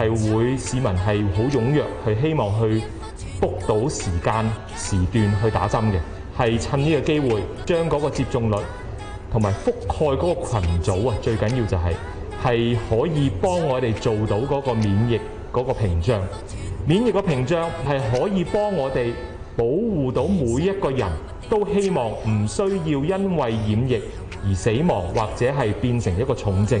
係會市民係好踴躍，係希望去 book 到時間時段去打針嘅，係趁呢個機會將嗰個接種率同埋覆蓋嗰個群組啊，最緊要就係係可以幫我哋做到嗰個免疫嗰個屏障，免疫個屏障係可以幫我哋保護到每一個人都希望唔需要因為染疫而死亡或者係變成一個重症。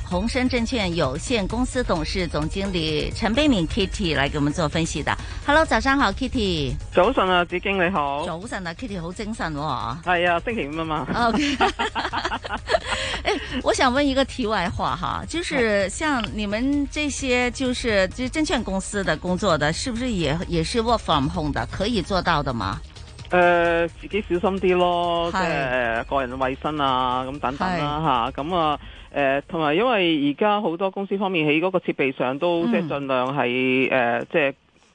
鴻昇證券有限公司董事總經理陳蓓敏 （Kitty） 來給我們做分析的。Hello，早上好，Kitty。早晨啊，子矜你好。早晨啊，Kitty 好精神哦。係啊，星期五啊嘛。OK。哎，我想問一個題外話哈，就是像你們這些就是這證券公司的工作的，是不是也也是 Work from Home 的，可以做到的嗎？呃，自己小心啲咯，即係是個人衛生啊，咁等等啦，吓，咁啊。是啊嗯誒，同埋、呃、因為而家好多公司方面喺嗰個設備上都即係盡量係誒，即係、嗯呃即係、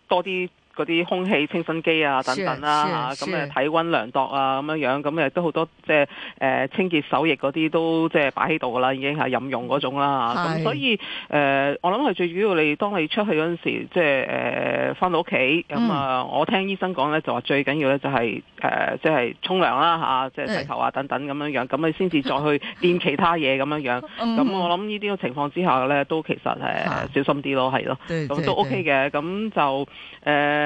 多啲。嗰啲空氣清新機啊，等等啦嚇，咁誒體溫量度啊，咁樣樣，咁誒都好多即係、就是呃、清潔手液嗰啲都即係擺喺度噶啦，已經係飲用嗰種啦。咁的所以誒、呃，我諗係最主要你當你出去嗰陣時，即係誒返到屋企，咁啊，呃嗯、我聽醫生講咧，就話最緊要咧就係、是、誒、呃就是啊，即係沖涼啦嚇，即係洗頭啊等等咁樣樣，咁你先至再去掂其他嘢咁樣樣。咁、嗯、我諗呢啲嘅情況之下咧，都其實誒、啊、小心啲咯，係咯。咁都 OK 嘅，咁對就、呃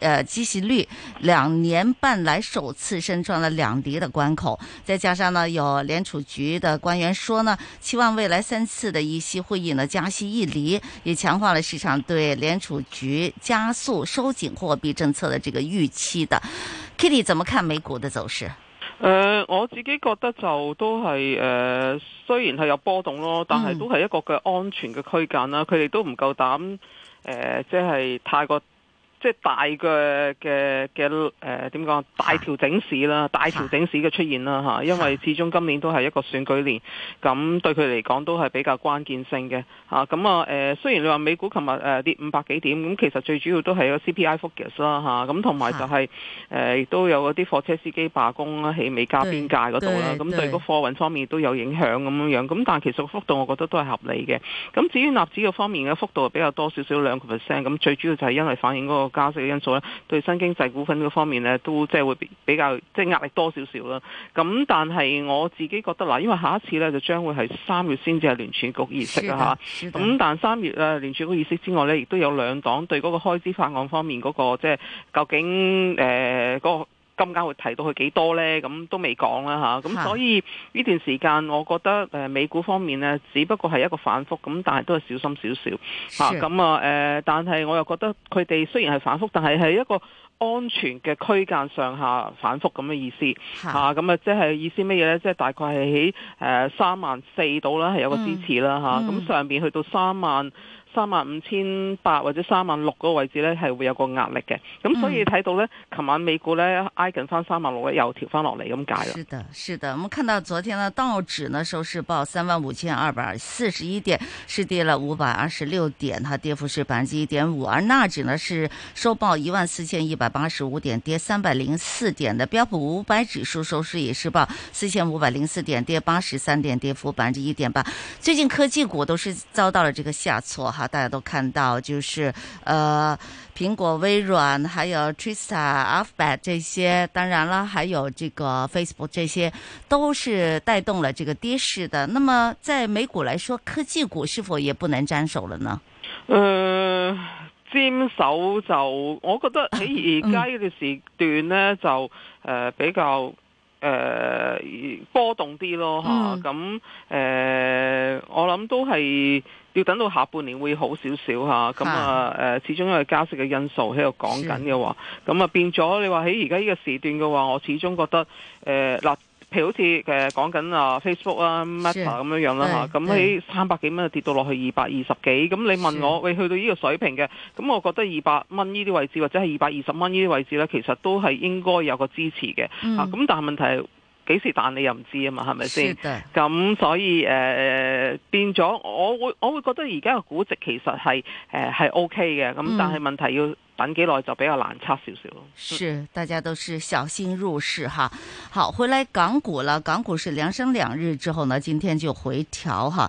呃、孳息率兩年半來首次升穿了兩厘的關口，再加上呢，有聯儲局的官員說呢，期望未來三次的議息會議呢加息一厘，也強化了市場對聯儲局加速收緊貨幣政策的這個預期的。Kitty，怎麼看美股的走勢？呃我自己覺得就都係誒、呃，雖然係有波動咯，但係都係一個嘅安全嘅區間啦。佢哋、嗯、都唔夠膽呃即係、就是、太過。即係大嘅嘅嘅誒點講大調整市啦，大調整市嘅出現啦嚇，因為始終今年都係一個選舉年，咁對佢嚟講都係比較關鍵性嘅嚇。咁啊誒、呃，雖然你話美股琴日誒跌五百幾點，咁其實最主要都係個 CPI focus 啦、啊、嚇，咁同埋就係誒亦都有嗰啲貨車司機罷工啦，起美加邊界嗰度啦，咁對，對，咁對個貨運方面都有影響咁樣樣。咁但係其實個幅度我覺得都係合理嘅。咁至於納指嘅方面嘅幅度比較多少少兩個 percent，咁最主要就係因為反映嗰、嗰個。加息嘅因素咧，對新經濟股份嗰方面咧，都即係會比較即係壓力多少少啦。咁但係我自己覺得嗱，因為下一次咧就將會係三月先至係聯儲局議息啊嚇。咁但係三月啊聯儲局議息之外咧，亦都有兩黨對嗰個開支法案方面嗰、那個即係、就是、究竟誒嗰、呃那個今屆會提到佢幾多呢？咁都未講啦吓，咁、啊、是所以呢段時間，我覺得美股方面呢，只不過係一個反覆，咁但係都係小心少少吓，咁是啊但係我又覺得佢哋雖然係反覆，但係係一個安全嘅區間上下反覆咁嘅意思吓。咁是啊，即係意思咩嘢呢？即、就、係、是、大概係喺三萬四度啦，係有個支持啦吓，咁、嗯啊、上面去到三萬，三萬五千八或者三萬六個位置呢，係會有個壓力嘅。咁所以睇到呢，琴、嗯、晚美股呢，挨近翻三萬六又調翻落嚟咁解嘅。是的，是的，我們看到昨天呢，道指呢收市報三萬五千二百四十一點，是跌了五百二十六點，它跌幅是百分之一點五。而納指呢是收報一萬四千一百八十五點，跌三百零四點的標普五百指數收市也是報四千五百零四點，跌八十三點，跌幅百分之一點八。最近科技股都是遭到了這個下挫，哈。大家都看到，就是，呃，蘋果、微軟，還有 Trista、Alphabet 這些，當然啦，還有這個 Facebook，這些都是帶動了這個跌勢的。那麼，在美股來說，科技股是否也不能沾手了呢？呃，沾手就我覺得喺而家呢段時段呢、 嗯、就誒、呃、比較誒、呃、波動啲咯吓，咁誒、嗯啊呃、我諗都係。要等到下半年會好少少嚇，咁啊誒，始終因為加息嘅因素喺度講緊嘅話，咁啊的變咗你話喺而家呢個時段嘅話，我始終覺得誒嗱，譬、呃、如好似誒講緊啊 Facebook 啊 Meta 咁的樣樣啦嚇，咁喺三百幾蚊就跌到落去二百二十幾，咁的你問我你去到呢個水平嘅，咁的我覺得二百蚊呢啲位置或者係二百二十蚊呢啲位置咧，其實都係應該有個支持嘅嚇，咁、嗯、但係問題係，幾時彈你又唔知啊嘛，係咪先？咁是的 所以誒、呃、變咗，我會我會覺得而家嘅估值其實係誒係 OK 嘅，咁但係問題要等幾耐就比較難測少少咯。是，大家都是小心入市哈。好，回來港股啦，港股是連升兩日之後呢，今天就回調哈。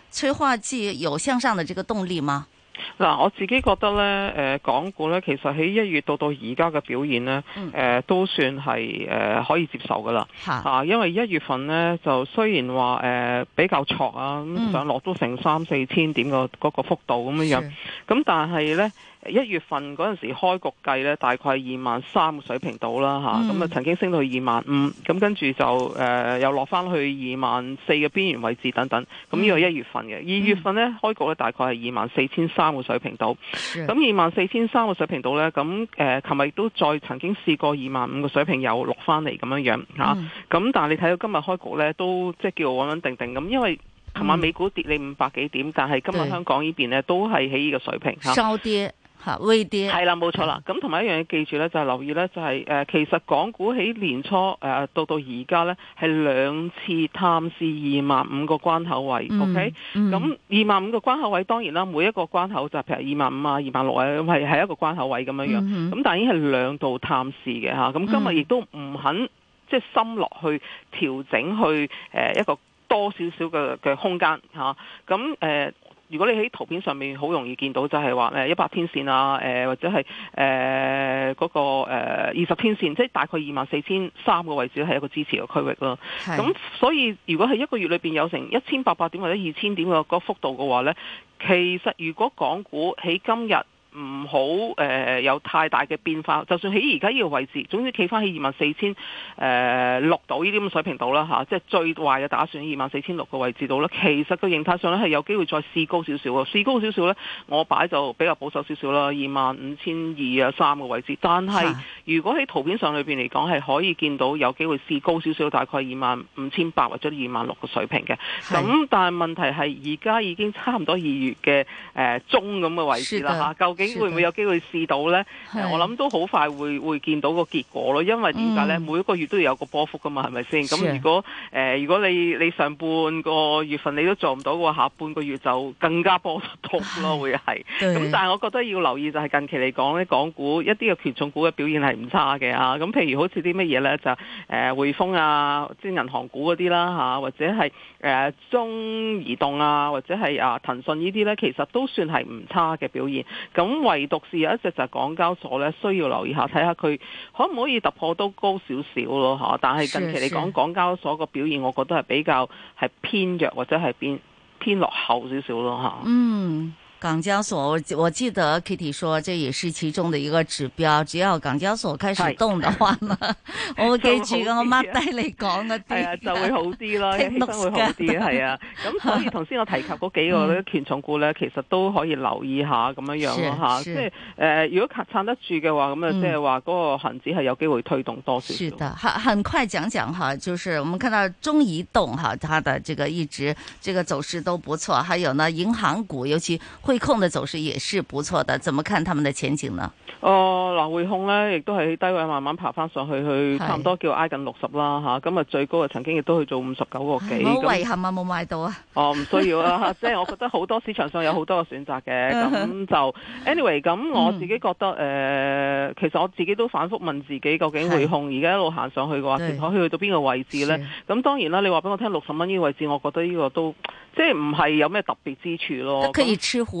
催化劑有向上的這個動力嗎？嗱、啊，我自己覺得咧，誒、呃，港股咧，其實喺一月到到而家嘅表現咧，誒、嗯呃，都算係誒、呃、可以接受噶啦。吓哈、啊、因為一月份咧就雖然話誒、呃、比較挫啊，咁上落都成三四千點個嗰、嗯、個幅度咁樣樣，咁是但係咧。一月份嗰陣時開局計呢，大概二萬三嘅水平度啦嚇咁啊曾經升到去二萬五，咁跟住就誒又落翻去二萬四嘅邊緣位置等等，咁呢個一月份嘅二月份呢、嗯、開局呢，大概係二萬四千三個水平度，咁二萬四千三個水平度呢，咁誒琴日都再曾經試過二萬五嘅水平又落翻嚟咁樣樣咁、啊嗯、但係你睇到今日開局呢，都即係叫穩穩定定咁，因為琴晚美股跌你五百幾點，但係今日香港呢邊呢，對都係喺呢個水平、啊、收跌。下跌係啦，冇錯啦。咁同埋一樣嘢，記住咧，就係、是、留意咧，就係、是、誒，其實港股喺年初誒到到而家咧，係兩次探視二萬五個關口位、嗯、，OK？咁二萬五個關口位，當然啦，每一個關口就譬、是、如二萬五啊，二萬六啊，係係一個關口位咁樣樣。咁、嗯、但係已經係兩度探視嘅吓。咁今日亦都唔肯、嗯、即係深落去調整去誒一個多少少嘅嘅空間吓。咁誒。呃如果你喺圖片上面好容易見到，就係話咧一百天綫啊，誒、呃、或者係誒、呃嗰個二十天綫，即、就、係、是、大概二萬四千三個位置係一個支持嘅區域咯。咁是所以如果係一個月裏邊有成一千八百點或者二千點嘅嗰幅度嘅話咧，其實如果港股喺今日，唔好誒、呃、有太大嘅變化，就算喺而家呢個位置，總之企翻喺二萬四千誒六度呢啲咁嘅水平度啦、吓、即係最壞嘅打算二萬四千六個位置度啦。其實個形態上咧係有機會再試高少少啊，試高少少呢，我擺就比較保守少少啦，二萬五千二啊三個位置。但係如果喺圖片上裏邊嚟講係可以見到有機會試高少少，大概二萬五千八或者二萬六嘅水平嘅。咁的但係問題係而家已經差唔多二月嘅、呃、中咁嘅位置啦、吓、究竟，會唔會有機會試到呢？的呃、我諗都好快會會見到個結果咯，因為點解呢？嗯、每一個月都要有個波幅㗎嘛，係咪先？咁的如果誒、呃，如果你你上半個月份你都做唔到嘅話，下半個月就更加波動咯，會係。咁的但係我覺得要留意就係近期嚟講，啲港股一啲嘅權重股嘅表現係唔差嘅啊。咁譬如好似啲乜嘢呢？就誒匯、呃、豐啊，即係銀行股嗰啲啦吓，或者係誒、呃、中移動啊，或者係啊騰訊呢啲呢，其實都算係唔差嘅表現。咁、啊唯獨是有一隻就係港交所咧，需要留意下，睇下佢可唔可以突破都高少少咯嚇。但係近期嚟講，港交所個表現，我覺得係比較係偏弱或者係偏偏落後少少咯嚇。啊、嗯。港交所，我我記得 Kitty 說這也是其中的一個指標。只要港交所開始動的話呢，是 我會記住嘅，我 mark 低你講嗰啲，係啊， 就會好啲咯， 氣氛會好啲，係 啊。咁所以，頭先我提及嗰幾個權重股咧，其實都可以留意下咁樣樣咯，吓，即係誒、呃，如果撐得住嘅話，咁啊，即係話嗰個恒指係有機會推動多少、嗯？是的，很很快講講哈，就是我們看到中移動哈，它的這個一直這個走勢都不錯，還有呢銀行股，尤其。匯控嘅走勢也是不錯的，怎麼看他們的前景呢？哦，嗱，匯控呢亦都係喺低位慢慢爬翻上去，去差唔多叫挨近六十啦，吓是、啊，今日最高啊曾經亦都去做五十九個幾。冇遺憾啊，冇那買到啊。哦，唔需要啦、 啊，即係我覺得好多市場上有好多嘅選擇嘅，咁 就 anyway，咁我自己覺得誒、嗯呃，其實我自己都反覆問自己，究竟匯控而家一路行上去嘅話，是可以去到邊個位置呢？咁是當然啦，你話俾我聽六十蚊呢個位置，我覺得呢個都即係唔係有咩特別之處咯。可以食胡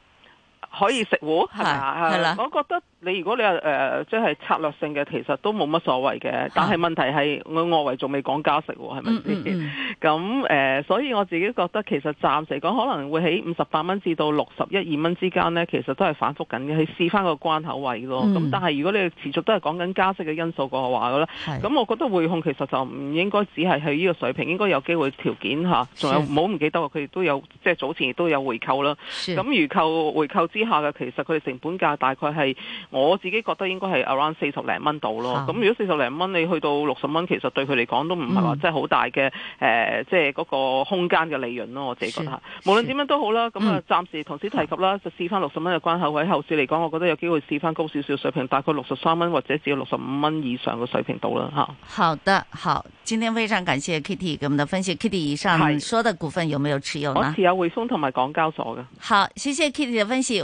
可以食喎，係啦，我覺得你如果你係誒即係策略性嘅，其實都冇乜所謂嘅。但係問題係，啊、我外圍仲未講加息喎，係咪先？咁誒、嗯嗯嗯呃，所以我自己覺得其實暫時嚟講可能會喺五十八蚊至到六十一二蚊之間呢，其實都係反覆緊嘅，係試翻個關口位咯。咁、嗯、但係如果你持續都係講緊加息嘅因素嘅話咧，咁是我覺得匯控其實就唔應該只係喺呢個水平，應該有機會條件下仲有唔好唔記得佢亦都有即係早前亦都有回購啦。咁回購回購之。以下嘅其實佢哋成本價大概係我自己覺得應該係 around 四十零蚊度咯。咁好如果四十零蚊你去到六十蚊，其實對佢嚟講都唔係話真係好大嘅，誒、嗯呃，即係嗰個空間嘅利潤咯。我自己覺得，是無論點樣都好啦。咁啊是，嗯、暫時同時提及啦，嗯、就試翻六十蚊嘅關口位。好後市嚟講，我覺得有機會試翻高少少水平，大概六十三蚊或者只要六十五蚊以上嘅水平到啦吓。好的，好，今天非常感謝 Kitty 畀我哋嘅分析。Kitty，是以上說的股份有沒有持有呢？我持有匯豐同埋港交所嘅。好，謝謝 Kitty 嘅分析。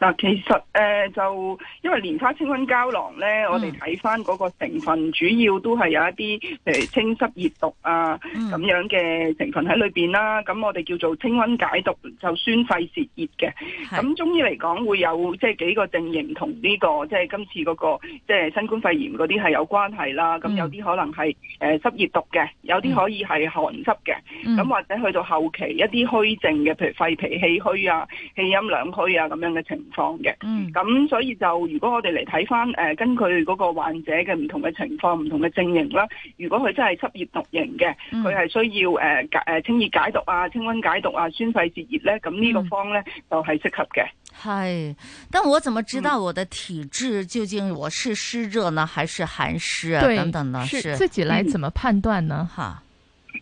嗱，其實誒、呃、就因為蓮花清瘟膠囊咧，嗯、我哋睇翻嗰個成分，主要都係有一啲譬如清濕熱毒啊咁、嗯、樣嘅成分喺裏邊啦。咁我哋叫做清瘟解毒，就宣肺泄熱嘅。咁是中醫嚟講會有即係、就是、幾個症型同呢個即係、就是、今次嗰、那個即係、就是、新冠肺炎嗰啲係有關係啦。咁有啲可能係誒濕熱毒嘅，有啲可以係寒濕嘅。咁、嗯、或者去到後期一啲虛症嘅，譬如肺脾氣虛啊、氣陰兩虛啊咁樣嘅情況。方嘅，咁、嗯、所以就如果我哋嚟睇返誒，根據嗰個患者嘅唔同嘅情況、唔同嘅症型啦，如果佢真係濕熱毒型嘅，佢係、嗯、需要誒誒、呃呃、清熱解毒啊、清瘟解毒啊、宣肺泄熱咧，咁呢個方咧就係、是、適合嘅。係、哎，但我怎麼知道我的體質究竟我是濕熱呢，還是寒濕、啊、對等等呢？是，是自己來怎麼判斷呢？嗯、哈？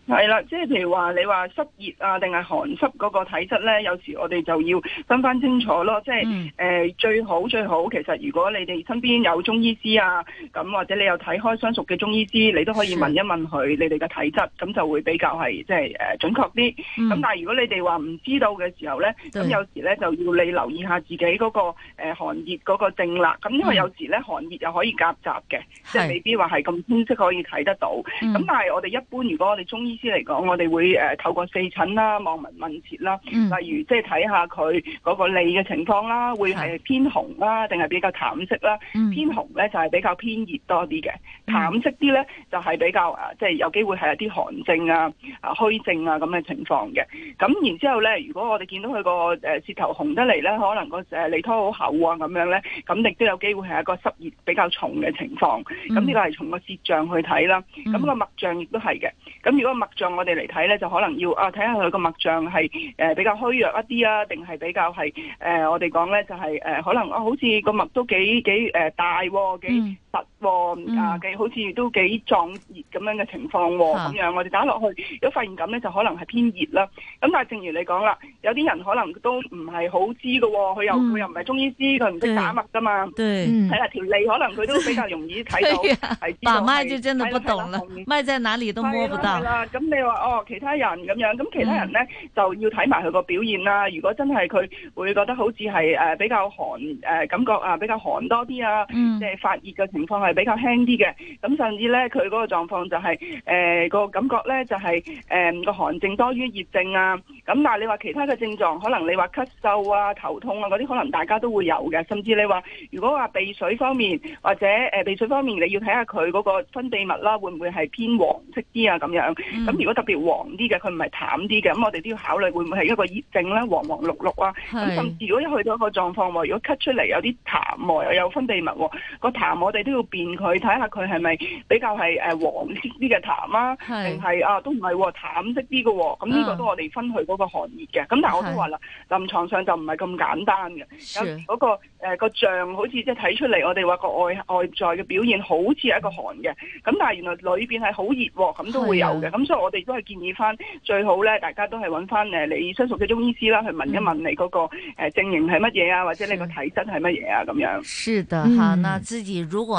係啦，即係譬如話你話濕熱啊，定係寒濕嗰個體質咧，有時我哋就要分翻清楚咯。即係、嗯呃、最好最好，其實如果你哋身邊有中醫師啊，咁或者你有睇開相熟嘅中醫師，你都可以問一問佢你哋嘅體質，咁就會比較係即係準確啲。咁、嗯、但係如果你哋話唔知道嘅時候咧，咁對 有時咧就要你留意下自己嗰、嗰個誒、呃、寒熱嗰個症啦。咁因為有時咧寒熱又可以夾雜嘅，的即係未必話係咁清晰可以睇得到。咁、嗯、但係我哋一般如果我哋中醫，嚟講，我哋會誒透過四診啦、望聞問切啦，例如即係睇下佢嗰個脷嘅情況啦，會係偏紅啦，定係比較淡色啦？偏紅咧就係比較偏熱多啲嘅，淡色啲咧就係比較誒，即係有機會係一啲寒症啊、啊虛症啊咁嘅情況嘅。咁然之後咧，如果我哋見到佢個誒舌頭紅得嚟咧，可能個誒脷苔好厚啊咁樣咧，咁亦都有機會係一個濕熱比較重嘅情況。咁呢個係從個舌象去睇啦，咁個脈象亦都係嘅。咁如果，脈象我哋嚟睇咧，就可能要啊睇下佢個脈象係誒、呃、比較虛弱一啲啊，定係比較係誒、呃、我哋講咧就係誒可能啊好似個脈都幾幾誒大幾。呃大啊幾嗯實㗎，嘅好似都幾壯熱咁樣嘅情況喎，咁樣我哋打落去，如果發現咁咧，就可能係偏熱啦。咁但係正如你講啦，有啲人可能都唔係好知㗎喎，佢又佢又唔係中醫師，佢唔識打脈㗎嘛。對，係啦，條脷可能佢都比較容易睇到。係知，爸媽就真係不懂啦。媽在哪裏都摸唔到。啦，咁你話哦，其他人咁樣，咁其他人咧就要睇埋佢個表現啦。如果真係佢會覺得好似係比較寒，感覺啊比較寒多啲啊，即係發熱嘅。情況係比較輕啲嘅，咁甚至咧佢嗰個狀況就係誒個感覺咧就係誒個寒症，多於熱症啊，咁但係你話其他嘅症狀，可能你話咳嗽啊、頭痛啊嗰啲，嗰啲可能大家都會有嘅。甚至你話如果話鼻水方面或者誒、呃、鼻水方面，你要睇下佢嗰個分泌物啦，會唔會係偏黃色啲啊？咁樣咁、嗯、如果特別黃啲嘅，佢唔係淡啲嘅，咁我哋都要考慮會唔會係一個熱症咧？黃黃綠綠啊，咁甚至如果一去到一個狀況，如果咳出嚟有啲痰，又有分泌物，嗰個痰我哋。都要辨佢，睇下佢係咪比較係誒黃色啲嘅痰啊，定係啊都唔係、哦、淡色啲嘅、哦，咁呢、嗯、個都我哋分佢嗰個寒熱嘅。咁、嗯、但係我都話啦，臨是床上就唔係咁簡單嘅。嗰是、那個誒、呃、個好像好似即係睇出嚟，我哋話個外外在嘅表現好似係一個寒嘅，咁的但係原來裏邊係好熱，咁都會有嘅。咁、啊、所以我哋都係建議翻最好咧，大家都係揾翻誒你相熟嘅中醫師啦，去問一問你嗰、那個誒症型係乜嘢啊，或者你個體質係乜嘢啊咁樣。是的，哈，那自己如果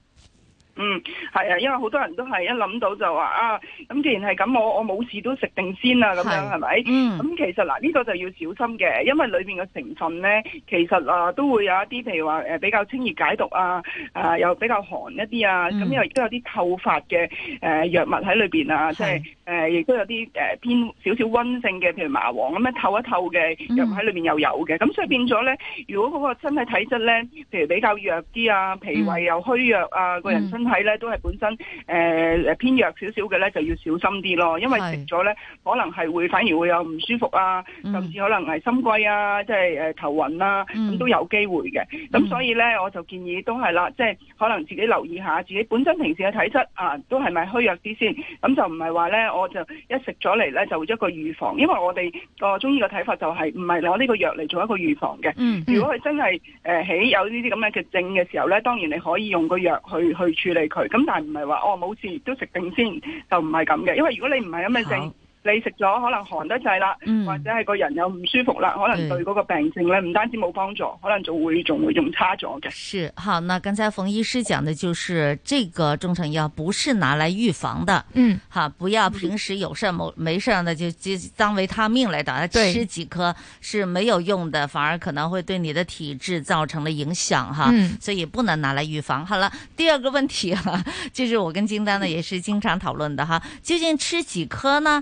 嗯，係啊，因為好多人都係一諗到就話啊，咁既然係咁，我我冇事都食定先啊，咁樣係咪？咁其實嗱，呢個就要小心嘅，因為裏邊嘅成分咧，其實啊都會有一啲，譬如話誒比較清熱解毒啊，啊又比較寒一啲啊，咁又都有啲透發嘅誒藥物喺裏邊啊，即係是。就是誒亦、呃、都有啲誒、呃、偏少少溫性嘅，譬如麻黃咁樣透一透嘅又喺裏面又有嘅，咁所以變咗咧，如果嗰個身體體質咧，譬如比較弱啲啊，脾胃又虛弱啊，嗯、個人身體咧都係本身誒、呃、偏弱少少嘅咧，就要小心啲咯，因為食咗咧可能係會反而會有唔舒服啊，嗯、甚至可能係心悸啊，即係誒頭暈啊，咁、嗯、都有機會嘅。咁、嗯、所以咧，我就建議都係啦，即、就、係、是、可能自己留意下自己本身平時嘅體質啊，都係咪虛弱啲先，咁就唔係話咧我。我就一食咗嚟咧，就會做一個預防。因為我哋個中醫嘅睇法就係唔係攞呢個藥嚟做一個預防嘅。嗯嗯、如果佢真係誒、呃、起有呢啲咁樣嘅症嘅時候咧，當然你可以用個藥去去處理佢。咁但係唔係話哦冇事都食定先，就唔係咁嘅。因為如果你唔係咁嘅症。你食咗可能寒得滯啦，嗯，或者係個人又唔舒服啦，嗯、可能對嗰個病症呢唔單止冇幫助，可能就會仲會仲差咗嘅。是哈，那剛才馮醫師講的，就是這個中成藥不是拿來預防的。嗯，哈，不要平時有事冇，嗯、沒事呢就就當維他命來打家對吃幾顆是沒有用的，反而可能會對你的體質造成了影響、嗯、哈。所以不能拿來預防。好了，第二個問題哈，就是我跟金丹呢也是經常討論的哈，嗯、究竟吃幾顆呢？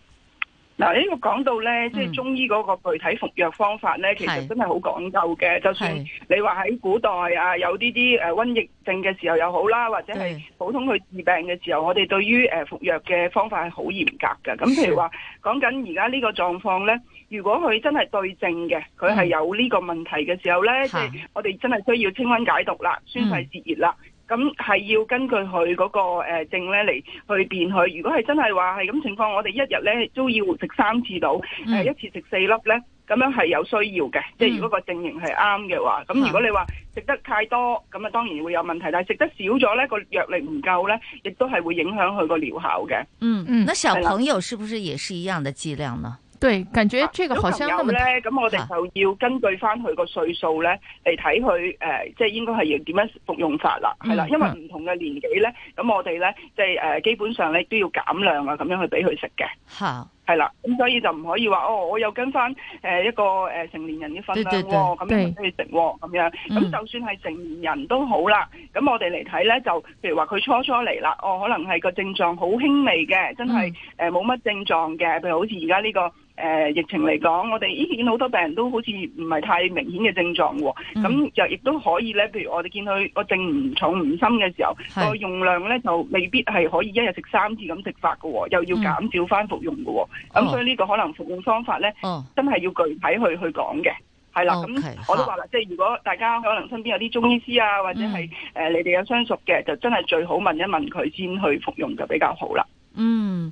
嗱，這個講到呢個講到咧，即係中醫嗰個具體服藥方法咧，嗯、其實真係好講究嘅。是就算你話喺古代啊，有呢啲誒瘟疫症嘅時候又好啦，或者係普通去治病嘅時候，我哋對於誒服藥嘅方法係好嚴格嘅。咁譬如話講緊而家呢個狀況咧，如果佢真係對症嘅，佢係、嗯、有呢個問題嘅時候咧，即係、嗯、我哋真係需要清瘟解毒啦，宣肺泄熱啦。咁係要根據佢嗰個誒症咧，嚟去辨佢。如果係真係話係咁情況，我哋一日咧都要食三次到，誒、嗯呃、一次食四粒咧，咁樣係有需要嘅。嗯、即係如果個證型係啱嘅話，咁如果你話食得太多，咁啊當然會有問題。嗯、但係食得少咗咧，那個藥力唔夠咧，亦都係會影響佢個療效嘅。嗯嗯，那小朋友是不是也是一樣的劑量呢？對，感覺這個好像那麼難。咁我哋就要根據翻佢個歲數咧，嚟睇佢誒，即係應該係要點樣服用法啦，係啦、嗯，因為唔同嘅年紀咧，咁我哋咧即係誒、呃，基本上咧都要減量啊，咁樣去俾佢食嘅。吓係啦，咁所以就唔可以話哦，我有跟翻誒一個誒成年人嘅分量喎、哦，咁樣去食喎、哦，咁對樣。咁、嗯、就算係成年人都好啦，咁我哋嚟睇咧，就譬如話佢初初嚟啦，哦，可能係個症狀好輕微嘅，真係誒冇乜症狀嘅，譬如好似而家呢個。誒疫情嚟講，我哋以前好多病人都好似唔係太明顯嘅症狀喎，咁就亦都可以咧。譬如我哋見佢個症唔重唔深嘅時候，個用量咧就未必係可以一日食三次咁食法嘅，又要減少翻服用嘅。咁所以呢個可能服用方法咧，真係要具體去去講嘅。係啦，咁我都話啦，即係如果大家可能身邊有啲中醫師啊，或者係誒你哋有相熟嘅，就真係最好問一問佢先去服用就比較好啦。嗯。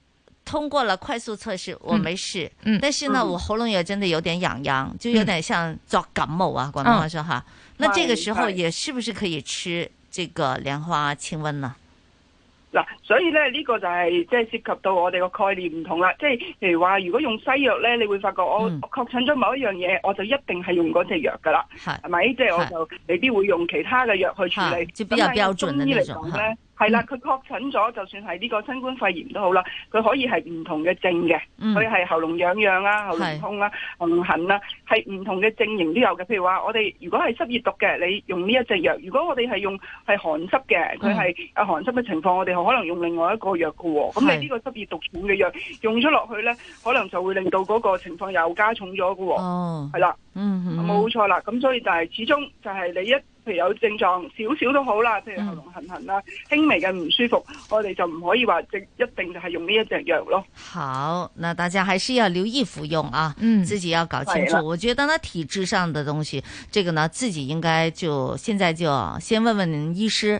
通過了快速測試，我沒事，嗯嗯、但是呢，我喉嚨也真的有點癢癢，嗯、就有點像作感冒啊。廣東話說哈，嗯、那這個時候也是不是可以吃這個蓮花清瘟呢？嗱、嗯，所以呢，呢個就係即係涉及到我哋個概念唔同啦。即係譬如話，如果用西藥呢，你會發覺我確診咗某一樣嘢，我就一定係用嗰隻藥噶啦，係咪？即係我就未必會用其他嘅藥去處理。即比較標準嘅那種係啦，佢確診咗，就算係呢個新冠肺炎都好啦，佢可以係唔同嘅症嘅，佢係、嗯、喉嚨癢癢啊，喉嚨痛啊，喉嚨痕啦，係唔、啊、同嘅症型都有嘅。譬如話我哋如果係濕熱毒嘅，你用呢一隻藥；如果我哋係用係寒濕嘅，佢係啊寒濕嘅情況，嗯、我哋可能用另外一個藥喎。咁、嗯、你個濕熱是呢個濕熱毒款嘅藥用咗落去咧，可能就會令到嗰個情況又加重咗㗎喎。係啦、哦，冇錯啦。咁、嗯嗯、所以就係、是、始終就係你一。譬如有症狀少少都好啦，譬如喉嚨痕痕啦，輕、嗯、微嘅唔舒服，我哋就唔可以話即一定就係用呢一隻藥咯。好，那大家還是要留意服用啊，嗯、自己要搞清楚。的我覺得呢體質上的東西，這個呢自己應該就現在就先問問醫師。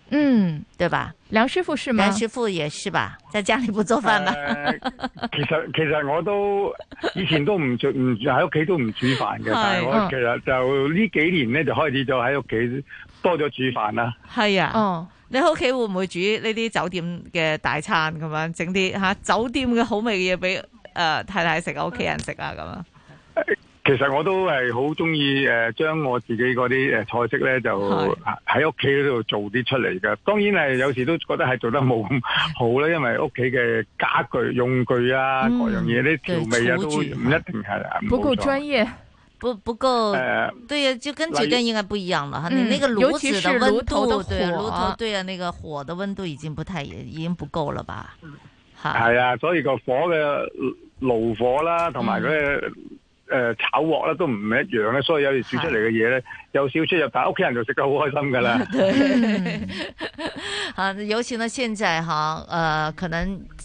嗯，對吧？梁師傅是嗎？梁師傅也是吧？在家裡不做飯嗎？呃，其實其實我都以前都唔煮唔喺屋企都唔煮飯嘅， 但係我其實就呢幾年咧就開始就喺屋企多咗煮飯啦。係啊，哦，你屋企會唔會煮呢啲酒店嘅大餐咁樣整啲吓？酒店嘅好味嘅嘢俾誒太太食啊，屋企人食啊咁樣。其實我都係好中意誒，將我自己嗰啲誒菜式咧就喺屋企嗰度做啲出嚟㗎。當然係有時都覺得係做得冇咁好啦，因為屋企嘅家具用具啊，各樣嘢啲調味啊都唔一定係唔夠專業，不不夠誒，對啊，就跟酒店應該不一樣啦。哈，你那個爐子的溫度，對，爐頭，對啊，那個火的溫度已經不太已經不夠了吧？係啊，所以個火嘅爐火啦，同埋個。誒炒鑊啦都唔一樣咧，所以有時煮出嚟嘅嘢咧有少出入，但屋企人就食得好開心噶啦對。 啊，尤其呢，咧，現在哈，誒、呃、可能。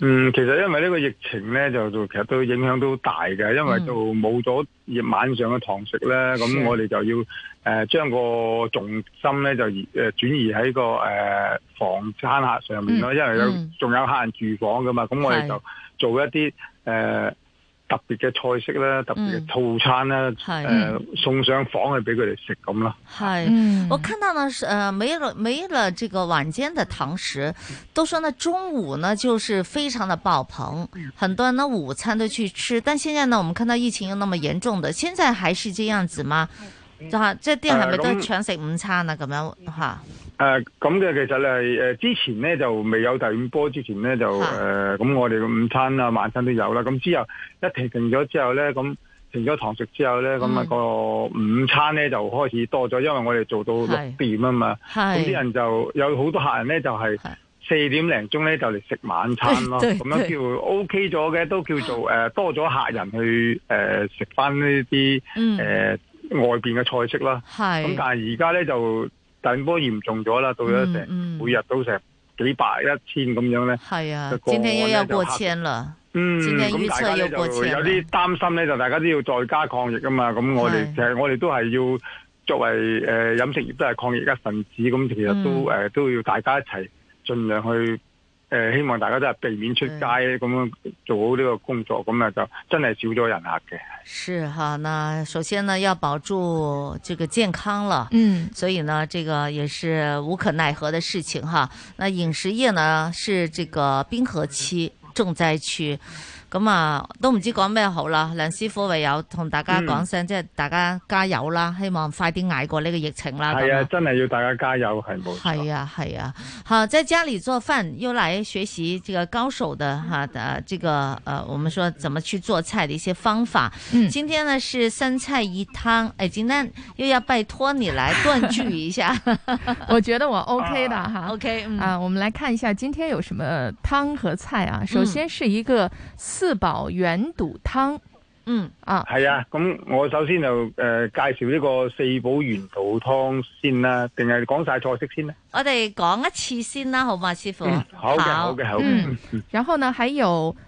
嗯，其實因為呢個疫情咧，就就其實都影響都大嘅，因為就冇咗夜晚上嘅堂食咧，咁、嗯、我哋就要誒、呃、將個重心咧就誒轉移喺個誒、呃、房餐客上面咯，嗯、因為有仲有客人住房噶嘛，咁、嗯、我哋就做一啲誒。的特別嘅菜式啦，特別嘅套餐啦，誒、嗯呃、送上房去俾佢哋食咁啦，係，我看到呢誒，沒了沒了這個晚間的堂食，都說呢中午呢就是非常的爆棚，很多人呢午餐都去吃。但現在呢，我們看到疫情又那麼嚴重的，現在還是這樣子就嗎？即這店係咪都全食午餐呢，咁樣哈。啊誒，咁嘅、呃、其實係誒、呃，之前咧就未有第五波之前咧就誒、咁的、呃、我哋嘅午餐啊晚餐都有啦。咁之後一停停咗之後咧，咁停咗堂食之後咧，咁啊、嗯、個午餐咧就開始多咗，因為我哋做到六點啊嘛。咁啲的人就有好多客人咧，就係、是、四點零鐘咧就嚟食晚餐咯。咁的樣叫 OK 咗嘅，都叫做誒、呃、多咗客人去誒食返呢啲誒外邊嘅菜式啦。咁的，嗯、但係而家咧就。但波嚴重咗啦，到咗成、嗯嗯、每日都成幾百一千咁樣咧。係啊，今天又要過千啦。嗯，咁、嗯、大家就有啲擔心咧，就大家都要在家抗疫噶嘛。咁我哋的其實我哋都係要作為誒飲、呃、食業都係抗疫嘅一份子，咁其實都誒、嗯呃、都要大家一齊盡量去。呃，希望大家都係避免出街咁樣做好呢個工作，咁啊對就真係少咗人客嘅。是哈，那首先呢要保住這個健康了，嗯，所以呢這個也是無可奈何的事情哈。那飲食業呢是這個冰河期重災區。咁啊，都唔知講咩好啦，梁師傅唯有同大家講聲，即係、嗯、大家加油啦，希望快啲捱過呢個疫情啦。係啊，嗎真係要大家加油，係冇錯。係啊，係啊，好，在家裏做飯又來學習這個高手的哈，啊，這個，呃、啊，我們說怎麼去做菜的一些方法。嗯，今天呢是三菜一湯，誒、哎，今天又要拜託你來斷句一下。 我覺得我 OK 的、啊、哈，OK、嗯。啊，我們來看一下今天有什麼湯和菜啊。首先是一個、嗯。四寶元肚湯，嗯啊，係啊，咁我首先就誒、呃、介紹呢個四寶元肚湯先啦，定係講晒菜式先啦？我哋講一次先啦，好嘛，師傅？好嘅、嗯，好嘅好，好。嘅、嗯。 然後呢喺由。還有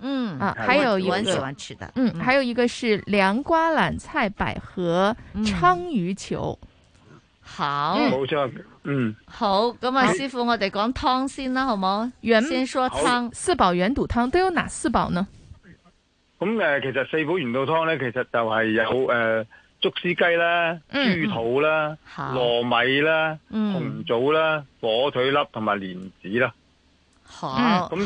嗯啊，還有一個，喜歡吃的嗯，嗯，還有一個是涼瓜欖菜百合鯧魚球。嗯、好，冇錯，嗯。好，咁啊，師傅，我哋講湯先啦，好冇？先說湯，四寶元肚湯都有哪四寶呢？咁誒，其實四寶元肚湯咧，其實就係有誒竹絲雞啦、豬肚啦、糯米啦、嗯、紅棗啦、火腿粒同埋蓮子啦。好，咁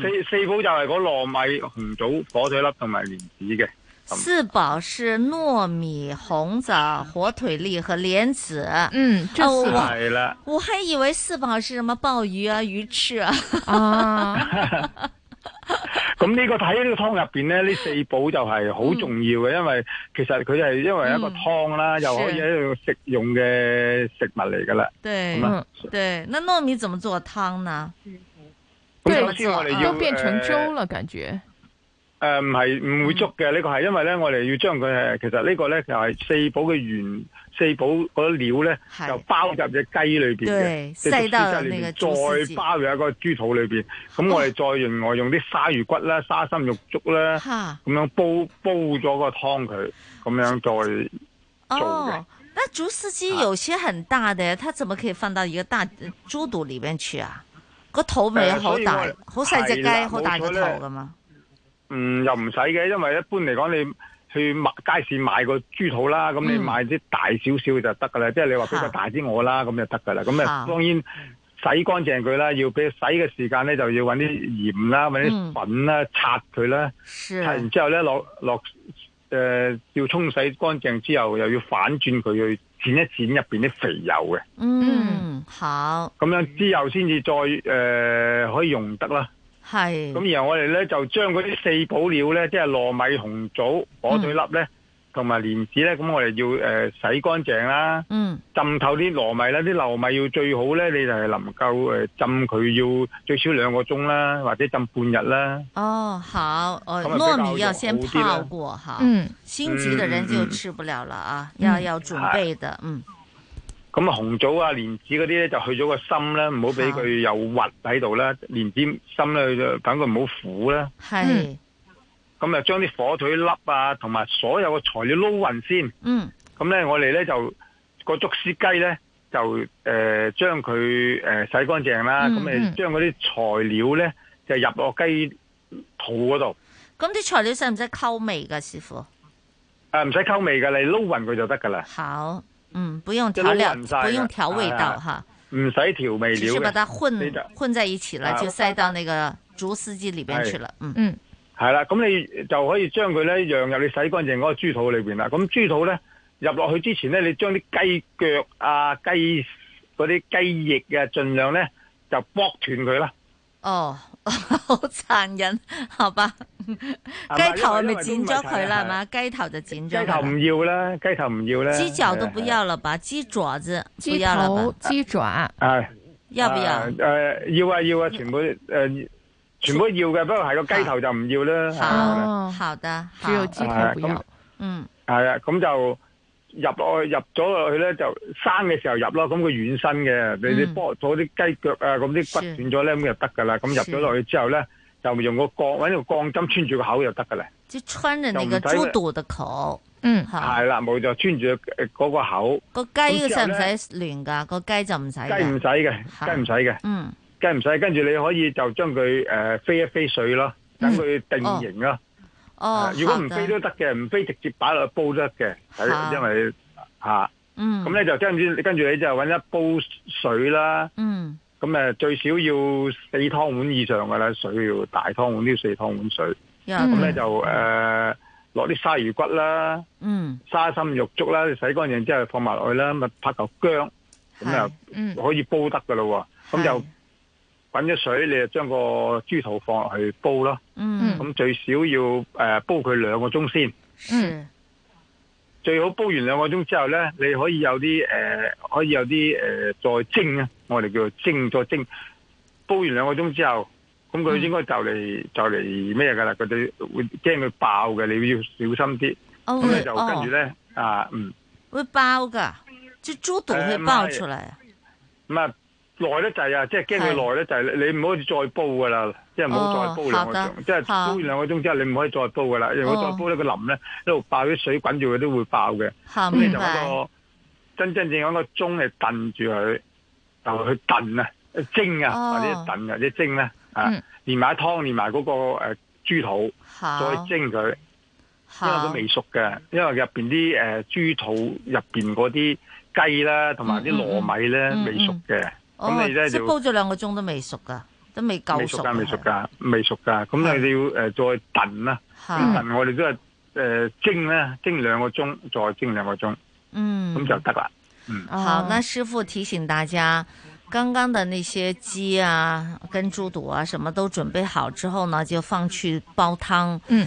四四寶就係嗰糯米、紅棗、火腿粒同埋蓮子嘅。四寶是糯米、紅棗、火腿粒和蓮子。嗯，這次係啦。我還以為四寶是什麼鮑魚啊、魚翅啊。啊咁呢個喺呢個湯入邊呢，呢四寶就係好重要嘅，因為其實佢係因為一個湯啦，又可以係一個食用嘅食物嚟噶啦。對，對，那糯米怎麼做湯呢？嗯、我對都變成粥哋、呃、感誒覺，誒唔係唔會捉嘅呢個係，因為咧我哋要將佢其實這個呢個咧就係四寶嘅原四寶嗰啲料咧，就是、呢是包入隻雞裏邊嘅，即再包入一個豬肚裏邊。咁我哋再用我用啲鯊魚骨啦、沙參肉粥啦，咁樣煲煲咗個湯佢，咁樣再做嘅、哦。那煮四雞有些很大的，它是怎麼可以放到一個大豬肚裏面去啊？個肚味好大，好細隻雞，好大個肚噶嘛。嗯，又唔使嘅，因為一般嚟講，你去買街市買個豬肚啦，咁、嗯、你買啲大少少就得噶啦。即係你話比較大啲我啦，咁就得噶啦。咁啊，嗯、當然洗乾淨佢啦，要俾洗嘅時間咧，就要搵啲鹽啦，搵啲粉啦，擦佢啦。係、嗯。然之後咧，落落誒、呃，要沖洗乾淨之後，又要反轉佢去。剪一剪入邊啲肥油嘅，嗯好，咁樣之後先至再誒、呃、可以用得啦。係是，咁然後我哋咧就將嗰啲四寶料咧，即係糯米、紅棗、火腿粒咧。嗯同埋蓮子咧，咁我哋要誒洗乾淨啦，嗯，浸透啲糯米啦，啲糯米要最好咧，你就係能夠誒浸佢要最少兩個鐘啦，或者浸半日啦。哦，好，誒糯米要先泡過哈。嗯，心急的人就吃不了啦，要有準備嘅。嗯，咁啊，紅棗啊，蓮子嗰啲咧就去咗個心啦，唔好俾佢有核喺度啦。蓮子心咧，就感覺唔好苦啦。係。咁就將啲火腿粒啊，同埋所有嘅材料撈匀先。嗯。咁咧，我哋咧就個竹絲雞咧就誒將佢誒洗乾淨啦。嗯。咁誒，將嗰啲材料咧就入個雞肚嗰度。咁啲材料使唔使溝味噶師傅啊，唔使溝味噶，你撈匀佢就得噶啦。好，嗯，不用調料，不用調味道哈。唔使調味料。只是把它混混在一起啦，就塞到那個竹絲雞裏邊去啦，嗯嗯。係啦，咁你就可以將佢咧釀入你洗乾淨嗰個豬肚裏邊啦。咁豬肚咧入落去之前咧，你將啲雞腳啊、雞嗰啲雞翼啊，盡量咧就剝斷佢啦。哦，好殘忍，好吧。雞 頭係咪剪咗佢啦？嘛，雞頭就剪咗。雞頭唔要啦，雞頭唔要啦。雞腳都不要啦，吧雞的的爪子，不要啦，雞爪、啊。係、啊。要不要？誒、啊呃，要啊，要啊，全部誒。呃全部都要嘅，不過係個雞頭就唔要啦。哦，好的，只有雞頭唔要。嗯，係啊，咁就入落去，入咗落去咧就生嘅時候入咯。咁佢軟身嘅，你你剝咗啲雞腳啊，咁啲骨斷咗咧，咁就得噶啦。咁入咗落去之後咧，就用個鋼，搵條鋼針穿住個口就得噶啦。就穿住個豬肚嘅口，嗯，係啦，冇就穿住誒嗰個口。個雞嘅使唔使亂噶？個雞就唔使。雞唔使嘅，雞唔使嘅，嗯。跟唔使，跟住你可以就將佢誒飛一飛水咯，等佢定型咯。哦，如果唔飛都得嘅，唔飛直接擺落去煲都得嘅，係因為吓。咁咧就跟住，跟住你就揾一煲水啦。嗯，咁最少要四湯碗以上㗎啦，水要大湯碗都要四湯碗水。嗯，咁咧就誒落啲鯊魚骨啦。嗯，沙參肉粥啦，洗乾淨之後放埋落去啦，咁啊拍嚿薑，咁啊可以煲得㗎咯喎，咁就。滾咗水，你就將個豬肚放落去煲咯。嗯，咁最少要誒煲佢兩個鐘先。嗯，最好煲完兩個鐘之後咧，你可以有啲誒、呃，可以有啲誒、呃、再蒸啊。我哋叫做蒸再蒸。煲完兩個鐘之後，咁佢應該就嚟就嚟咩嘢噶啦？佢哋，嗯、會驚佢爆嘅，你要小心啲。咁咧，哦、就跟住咧，哦、啊，嗯。會爆噶，隻豬肚會爆出嚟。唔係、呃。耐得就係啊，即係驚佢耐咧就係，你唔好再煲噶啦，即係唔好再煲兩個鐘，即係煲完兩個鐘之後，你唔可以再煲噶啦，如果再煲咧，佢淋咧一路爆啲水滾住，佢都會爆嘅。咁你就嗰個真真正講個盅係燉住佢，就去燉啊，蒸啊或者燉啊或者蒸咧，啊連埋湯連埋嗰個誒豬肚，再蒸佢，因為佢未熟嘅，因為入邊啲誒豬肚入邊嗰啲雞啦同埋啲糯米咧未熟嘅。即、哦、煲咗兩個鐘都未熟噶，都未夠熟。未熟噶，未熟噶，未的熟噶，咁你要誒的、呃、再燉啦。咁燉的我哋都係誒蒸咧，蒸兩個鐘，再蒸兩個鐘。嗯，咁就得啦。哦、嗯，好。那師傅提醒大家，剛剛的那些雞啊、跟豬肚啊，什麼都準備好之後呢，就放去煲湯。嗯。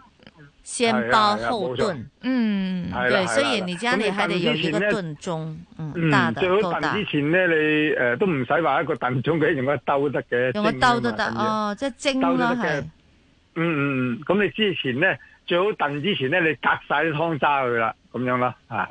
先煲後燉，啊啊、嗯，對、啊，啊啊、所以你家裏還得有一個燉盅，嗯，嗯的最好燉之前咧，大你誒、呃、都唔使話一個燉盅，佢用個兜得嘅，用個兜都得的，樣哦，即係蒸啦。係，啊啊、嗯，咁你之前咧最好燉之前咧，你隔晒啲湯渣佢啦，咁樣啦，啊。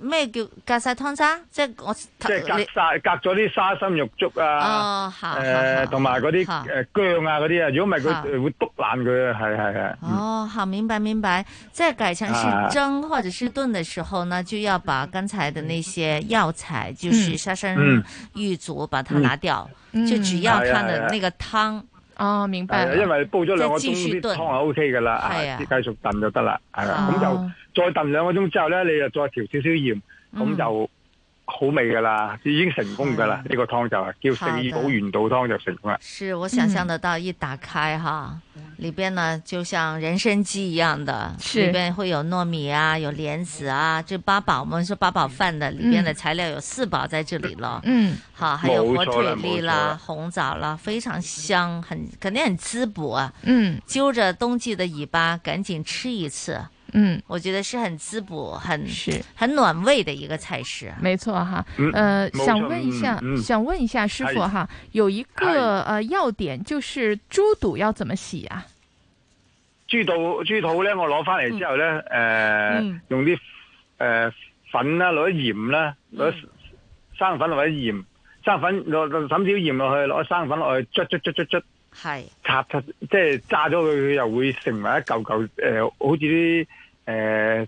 咩叫隔晒湯渣？即係我即係隔晒隔咗啲沙參玉竹啊，誒，同埋嗰啲誒薑啊嗰啲啊，如果唔係佢會篤爛佢，啊。係係係。哦，好明白明白。即係改成是蒸或者是燉嘅時候呢，就要把剛才嘅那些藥材，就是沙參玉竹，把它拿掉，就只要它的那個湯。哦，明白。因為煲咗兩個鐘啲湯就 OK 噶啦，繼續燉就得啦。咁就。再燉兩個鐘之後呢，你就再調少少鹽，咁就好味噶啦，嗯、已經成功噶啦，呢的個湯就叫四寶元肚湯就成功啦。是我想象得到，一打開、嗯、哈，裏邊呢就像人參雞一樣的，是裏邊會有糯米啊，有蓮子啊，就八寶我們說八寶飯的裏邊的材料有四寶在這裏咯。嗯，好，還有火腿粒啦、啦紅棗啦，非常香，很肯定很滋補啊。嗯，揪着冬季的尾巴，趕緊吃一次。嗯，我覺得是很滋補，很是很暖胃的一個菜式，啊，沒錯哈。呃、啊，嗯、想問一下，嗯、想問一下師傅哈，嗯、有一個呃要點，就是豬肚要怎麼洗啊？豬肚豬肚呢，我攞翻嚟之後呢，誒，用啲誒、呃、粉啦，攞啲鹽啦，攞生粉或者鹽，生粉落落少少鹽落去，攞生粉落去，捽捽捽捽係是插，插即係揸咗佢，佢又會成為一嚿嚿誒，好似啲誒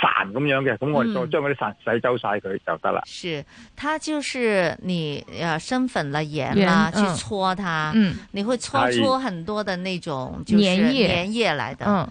飯咁樣嘅。咁我再將嗰啲飯洗走晒佢就得啦、嗯。是，它就是你身份的啊生粉啦、鹽啦，嗯、去搓它，嗯、你會搓出很多的那種就是粘液粘液來的。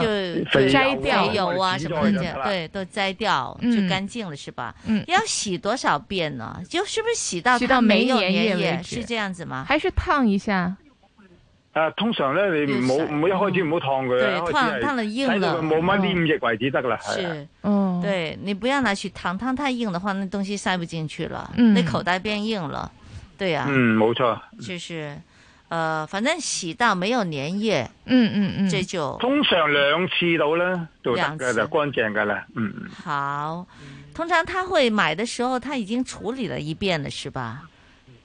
就摘掉肥油啊什麼的，對，都摘掉就乾淨了，是吧？嗯，要洗多少遍呢？就是不是洗到到沒有粘液是這樣子嗎？還是燙一下？啊，通常呢，你唔好一開始唔好燙佢，對，燙燙了硬了。冇乜粘液為止得了，是，嗯，對，你不要拿去燙，燙太硬的話，那東西塞不進去了，那口袋變硬了，對呀。嗯，沒錯。就是。誒，反正洗到沒有粘液，嗯嗯嗯，這就通常兩次到呢，就就乾淨嘅啦，嗯。好，通常他會買的時候他已經處理了一遍了，是吧？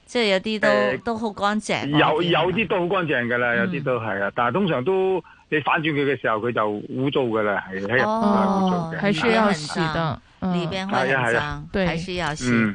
即係有啲都都好乾淨，有有啲都好乾淨嘅啦，有啲都係啊，但係通常都你反轉佢嘅時候，佢就污糟嘅啦，係喺入邊污糟嘅，係需要洗的裏邊係啊，係啊，對，還是要洗。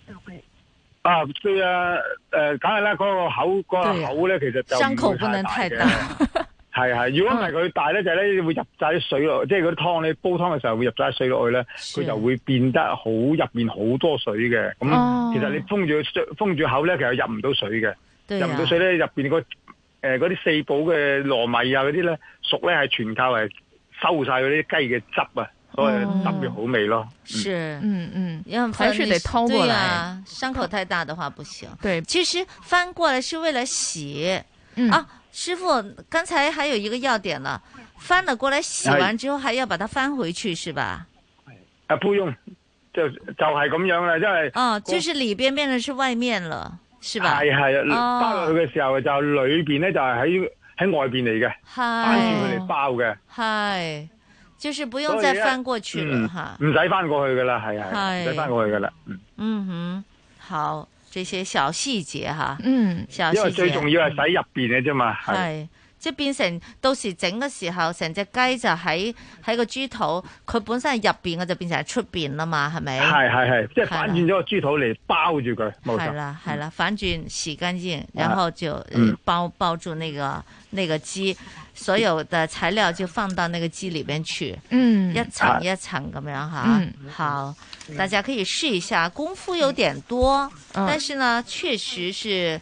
啊，對啊，誒、呃，梗係啦，嗰、那個口嗰、那個口咧，啊、其實傷口不能太大，係係， 如果唔係佢大咧，就咧、是、會入晒啲水落，嗯、即係嗰啲湯咧，你煲湯嘅時候會入晒水落去咧，佢就會變得好入面好多水嘅。咁是、嗯、其實你封住封住口咧，其實入唔到水嘅，對啊、入唔到水咧，入邊個誒嗰啲四寶嘅糯米啊嗰啲咧熟咧係全靠誒收晒嗰啲雞嘅汁啊。所以特別好味咯，是，嗯嗯，還是得偷過來，傷口太大的話不行。對，其實翻過來是為了洗。嗯。啊，師傅，剛才還有一個要點了，翻了過來洗完之後，還要把它翻回去，是吧？啊，不用，就就係咁樣啦，因為哦，就是裏邊變成是外面了，是吧？系系，包落去嘅時候就裏邊呢就係喺喺外邊嚟嘅，翻轉佢嚟包嘅，係。就是不用再翻過去了哈，唔使翻過去噶啦，係係，唔使翻過去噶啦，嗯哼，好，這些小細節哈，嗯，小細節，因為最重要係使入邊嘅啫嘛，係、嗯。即變成到時整嘅時候，成隻雞就喺喺個豬肚，佢本身係入邊，嘅就變成喺出邊啦嘛，係咪？係係係，即係、就是、反轉咗個豬肚嚟包住佢。冇錯，係啦係錯啦，啦，反轉洗乾淨，然後就包是包住呢個呢個雞，呢個雞嗯、所有嘅材料就放到呢個雞裏邊去。嗯，一層一層咁樣嚇是、嗯。好，嗯、大家可以試一下，功夫有點多，嗯、但是呢，確、嗯、實是。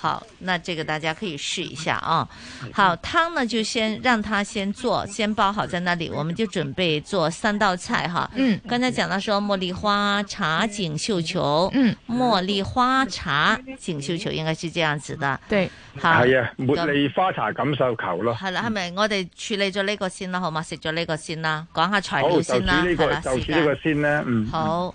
好，那這個大家可以試一下啊。好，湯呢就先讓他先做，先包好在那裏，我們就準備做三道菜哈、啊。嗯。剛才講到說茉莉花茶、錦繡球。嗯。茉莉花茶秀、錦繡、嗯、球應該是這樣子的。對。係好啊，茉莉花茶錦繡球咯。係啦，係咪我哋處理咗呢個先啦？好嘛，食咗呢個先啦，講下材料先啦。就呢個，就煮呢、這個、啦個先啦。嗯。好。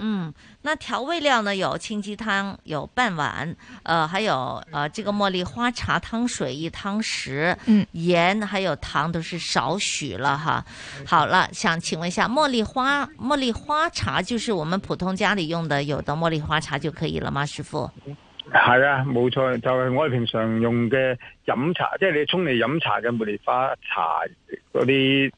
嗯，那調味料呢？有清雞湯，有半碗，呃，還有呃，這個茉莉花茶湯水一湯匙，嗯，鹽還有糖都是少許了哈。好了，想請問一下，茉莉花茉莉花茶就是我們普通家裏用的有的茉莉花茶就可以了嗎？師傅？係啊，冇錯，就係我哋平常用嘅飲茶，即係你沖嚟飲茶嘅茉莉花茶嗰啲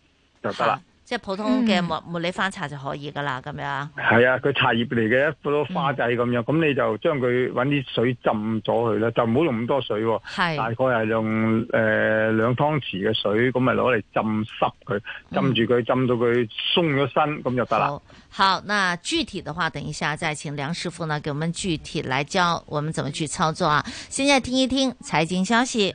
就得啦。即係普通嘅茉莉花茶、嗯、就可以噶啦，咁、嗯啊、樣。係啊、嗯，佢茶葉嚟嘅，一副花仔咁樣，咁你就將佢搵啲水浸咗佢啦，就唔好用咁多水、哦。喎是。大概係用誒、呃、兩湯匙嘅水，咁咪攞嚟浸濕佢，嗯、浸住佢，浸到佢鬆咗身，咁就得啦。好，好，那具體的話，等一下再請梁師傅呢，給我們具體來教我們怎麼去操作啊。現在聽一聽財經消息。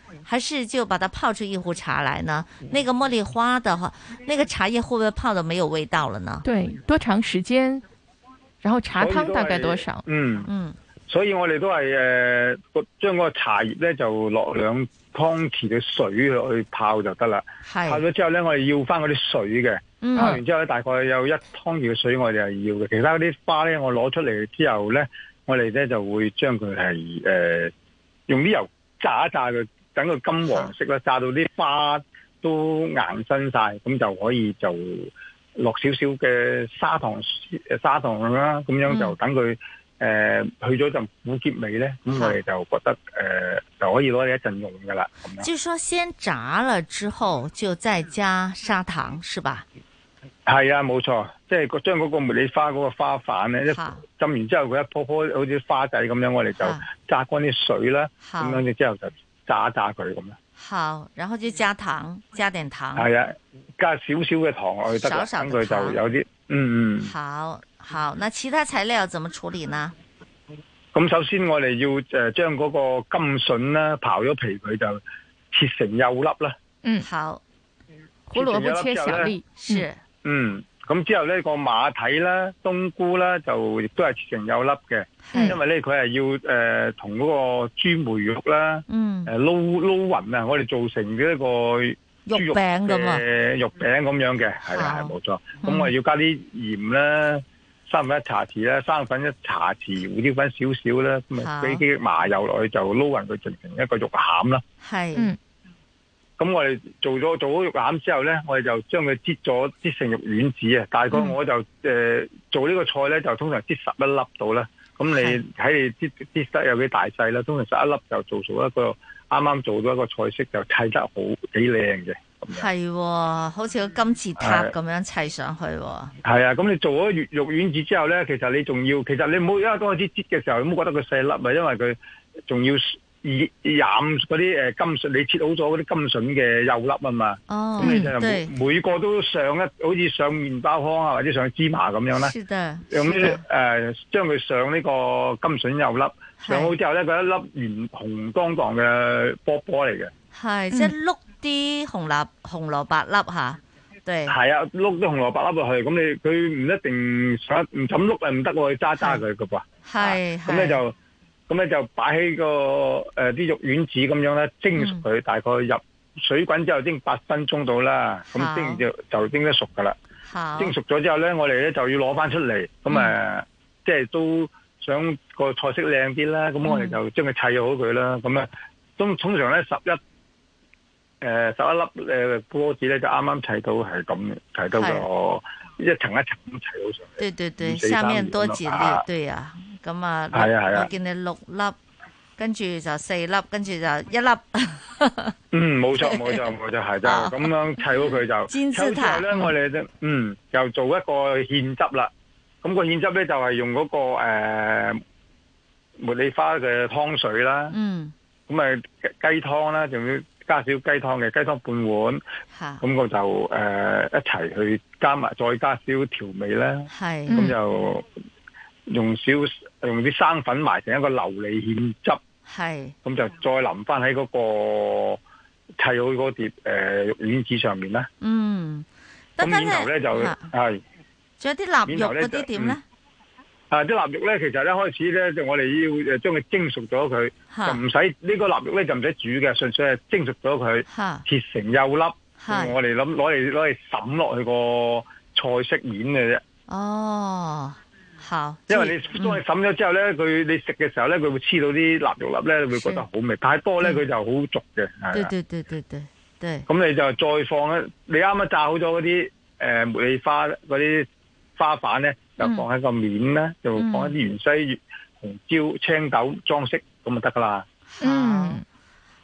還是就把它泡出一壺茶來呢？那個茉莉花的話，那個茶葉會不會泡到沒有味道了呢？對，多長時間？然後茶湯大概多少？嗯嗯，嗯，所以我哋都係誒，將、呃、個茶葉咧就落兩湯匙嘅水落去泡就得啦。係。泡咗之後咧，我哋要翻嗰啲水嘅。嗯。泡完之後咧，大概有一湯匙嘅水我哋係要嘅。其他嗰啲花咧，我攞出嚟之後咧，我哋咧就會將佢係誒用啲油炸一炸佢。等佢金黃色啦，炸到啲花都硬身晒，咁好就可以就落少少嘅砂糖，砂糖咁啦，咁樣就等佢誒去咗陣苦澀味咧，咁我哋就覺得誒好、呃、就可以攞嚟一陣用噶啦。咁樣，就說先炸咗之後，就再加砂糖，是吧？係啊，冇錯，即係將嗰個茉莉花嗰、那個花瓣咧，好浸完之後佢一樖樖好似花仔咁樣，我哋就炸乾啲水啦，咁樣之後就。炸一炸佢咁咯，好，然後就加糖，加點糖，係啊，加小小的少少嘅糖落去得啦，等佢就有啲，嗯嗯，好好，那其他材料怎麼處理呢？咁首先我哋要誒、呃、將嗰個甘筍咧刨咗皮，佢就切成幼粒啦。嗯，好，胡蘿蔔切小粒，嗯、是，嗯。咁之後呢個馬蹄啦、冬菇啦，就亦都係切成有粒嘅，是因為呢，佢係要誒同嗰個豬梅肉啦，誒撈撈匀啊，我哋做成呢一個肉餅咁啊，肉餅咁樣嘅，係係冇錯。咁、嗯、我要加啲鹽啦，三粉一茶匙啦，生粉一茶匙，胡椒粉少少啦，咁啊俾啲麻油落去就撈匀佢，進成一個肉餡啦。係是。嗯咁我哋做咗做咗肉餡之後咧，我哋就將佢擠咗擠成肉丸子啊！大概我就、嗯呃、做呢個菜咧，就通常擠十一粒到啦。咁你睇你擠，擠得有幾大細啦？通常十一粒就做熟一、那個啱啱做咗一個菜式，就砌得好幾靚嘅。係、哦，好似個金字塔咁樣砌上去。係啊，咁你做咗肉丸子之後咧，其實你仲要，其實你唔好因為當我擠嘅時候，唔好覺得佢細粒啊，因為佢仲要。染嗰啲誒金筍，你切好咗嗰啲金筍嘅幼粒啊嘛，哦，咁你就每，對每個都上一好似上面包糠啊，或者上芝麻咁樣咧，用啲誒將佢上呢個金筍幼粒，是上好之後咧，佢一粒圓紅當當嘅波波嚟嘅，係即係碌啲紅蘿紅蘿蔔粒吓、啊，對，係、嗯、啊碌啲紅蘿蔔粒落去，咁你佢唔一定上唔怎碌啊，唔得我要揸揸佢嘅噃，係咁咧就。咁咧就擺喺個啲、呃、肉丸子咁樣咧蒸熟佢，嗯、大概入水滾之後蒸八分鐘到啦，咁、嗯、蒸完就就蒸得熟噶啦。嗯、蒸熟咗之後咧，我哋咧就要攞翻出嚟，咁、嗯、誒、嗯、即係都想個菜色靚啲啦，咁我哋就將佢砌好佢啦。咁咧、嗯，通常咧十一誒十一粒誒波、呃、子咧就啱啱砌到係咁砌到嘅的、哦，一層一層砌到上去。對對對，5, 4, 3，下面多幾粒，啊、對呀、啊。咁啊！的我見你六粒，跟住的就四粒，跟住就一粒。 嗯，冇錯冇錯冇錯，係 就咁樣砌到佢就金字塔咧，嗯、我哋就嗯又做一個芡汁啦。咁、那個芡汁咧就係用嗰、那個誒、呃、茉莉花嘅湯水啦。嗯。咁啊，雞湯啦，仲要加少雞湯嘅雞湯半碗。咁我的就誒、呃、一齊去加埋，再加少調味啦。係、嗯。咁就。嗯用少用啲生粉埋成一個琉璃芡汁，係咁是就再淋翻喺嗰個砌好嗰碟誒、呃、肉丸子上面咧。嗯，咁面頭咧就係，仲是是有啲臘肉嗰啲點咧？啊，啲臘肉咧，其實一開始咧是、這個，就我哋要誒將佢蒸熟咗佢，就唔使呢個臘肉咧就唔使煮嘅，純粹係蒸熟咗佢，切成幼粒，是嗯、我哋諗攞嚟攞嚟糝落去個菜式面嘅啫。哦。嗯、因為你當你揼咗之後咧，佢你食嘅時候咧，佢會黐到啲臘肉粒咧，你會覺得好味。但係太多咧，佢、嗯、就好濁嘅。對對對對對對。咁你就再放一，你啱啱炸好咗嗰啲誒茉莉花嗰啲花瓣咧，就放喺個面咧，就放一啲、嗯、芫茜、紅椒、青豆裝飾，咁就得噶啦。嗯。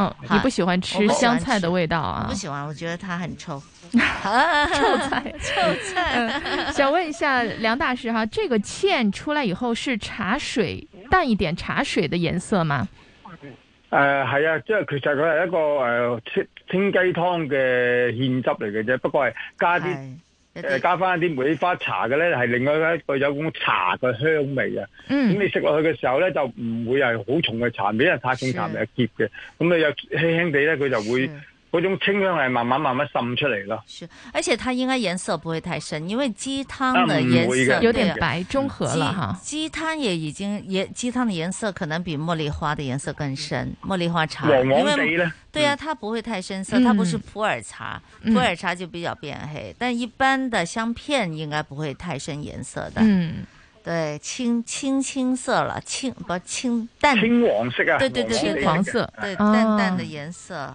嗯、哦，你不喜歡吃香菜的味道啊？我不喜歡吃，我不喜歡，我覺得它很臭， 臭菜 臭菜、 嗯。想問一下梁大師哈，這個芡出來以後是茶水淡一點茶水的顏色嗎？誒、呃，係啊，即係其實佢係一個呃清清雞湯嘅芡汁嚟嘅啫，不過係加啲。哎誒，加翻一啲茉莉花茶嘅咧，係另外一個有種茶嘅香味啊。咁、嗯、你食落去嘅時候咧，就唔會係好重嘅茶味，因為太重茶味係澀嘅。咁你又輕輕地咧，佢就，就會。嗰種清香係慢慢慢慢滲出來了，是，而且它應該顏色不會太深，因為雞湯的顏色有點白，中和了，雞湯也已經顏，雞湯的顏色可能比茉莉花的顏色更深。茉莉花茶黃黃地，對呀，它不會太深色，它不是普洱茶，普洱茶就比較變黑。但一般的香片應該不會太深顏色的。嗯，對，青青青色了，青不青淡，青黃色啊，對對對，黃色，對淡淡的顏色。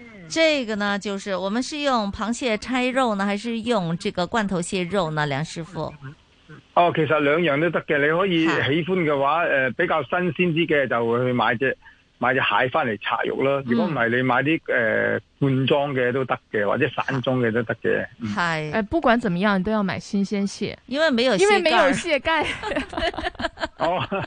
這個呢，就是我們是用螃蟹拆肉呢，還是用這個罐頭蟹肉呢，梁師傅？哦，其實兩樣都得嘅，你可以喜歡嘅話，誒是、呃，比較新鮮啲嘅，就會去買隻買隻蟹翻嚟拆肉啦。如果唔係，你買啲誒、呃、罐裝嘅都得嘅，或者散裝嘅都得嘅。係誒是、嗯哎，不管怎麼樣，都要買新鮮蟹，因為沒有因為沒有蟹蓋。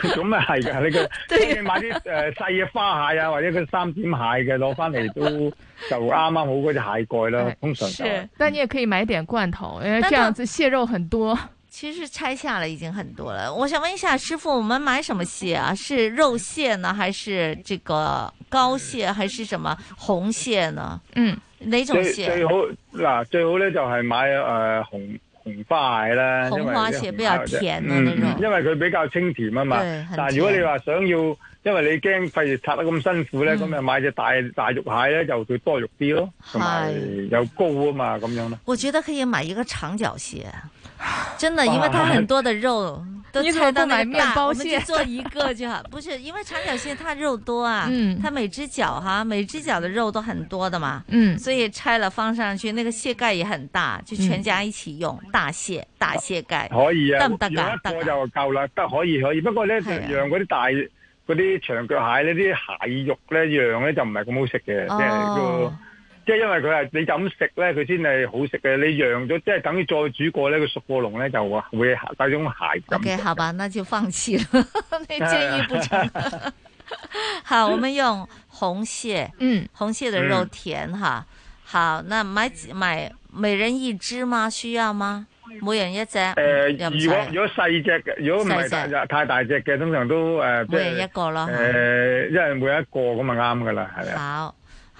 咁啊係噶，你個 對 即係你買啲誒細嘅花蟹啊，或者佢三點蟹嘅，攞翻嚟都就啱啱好嗰隻蟹蓋啦。對通常、就是、是，但你也可以買點罐頭，因為、嗯、這樣子蟹肉很多。其實拆下了已經很多了。我想問一下師傅，我們買什麼蟹啊？是肉蟹呢，還是這個膏蟹，還是什麼紅蟹呢？嗯，哪種蟹最，最好？嗱，最好咧就係買誒、呃、紅。紅花蟹啦，紅花蟹比較甜啊，嗯、肉因為佢比較清甜啊嘛。但係如果你話想要，因為你驚肺葉拆得咁辛苦咧，咁咪、嗯、買隻大大肉蟹咧，就會多肉啲咯，同埋又高啊嘛，咁樣咯。我覺得可以買一個長腳蟹，真的，因為它很多的肉。都拆到買麵包蟹， 就做一個就好。不是因為長腳蟹它肉多啊，嗯、它每隻腳哈，每隻腳的肉都很多的嘛。嗯，所以拆了放上去，那個蟹蓋也很大，就全家一起用，嗯、大蟹大蟹蓋可以啊。得唔得㗎？我就夠啦，得可以可以。不過呢，讓嗰啲大嗰啲長腳蟹呢啲蟹肉咧，讓咧就唔係咁好食嘅，即係個。即係因為佢係你咁食咧，佢先係好食嘅。你釀咗，即係等於再煮過呢個熟過龍咧，就會帶種鞋感感。O、okay, K，好吧，那就放棄了。那建議不成。 好，我們用紅蟹。嗯，紅蟹的肉甜哈。嗯、好，那買買每人一隻嗎？需要嗎？每人一隻。誒、呃，如果如果細隻嘅，如果唔係隻太大隻嘅，通常都誒。呃、每人一個咯。誒、呃，因為每一個咁就啱噶啦，係咪？好。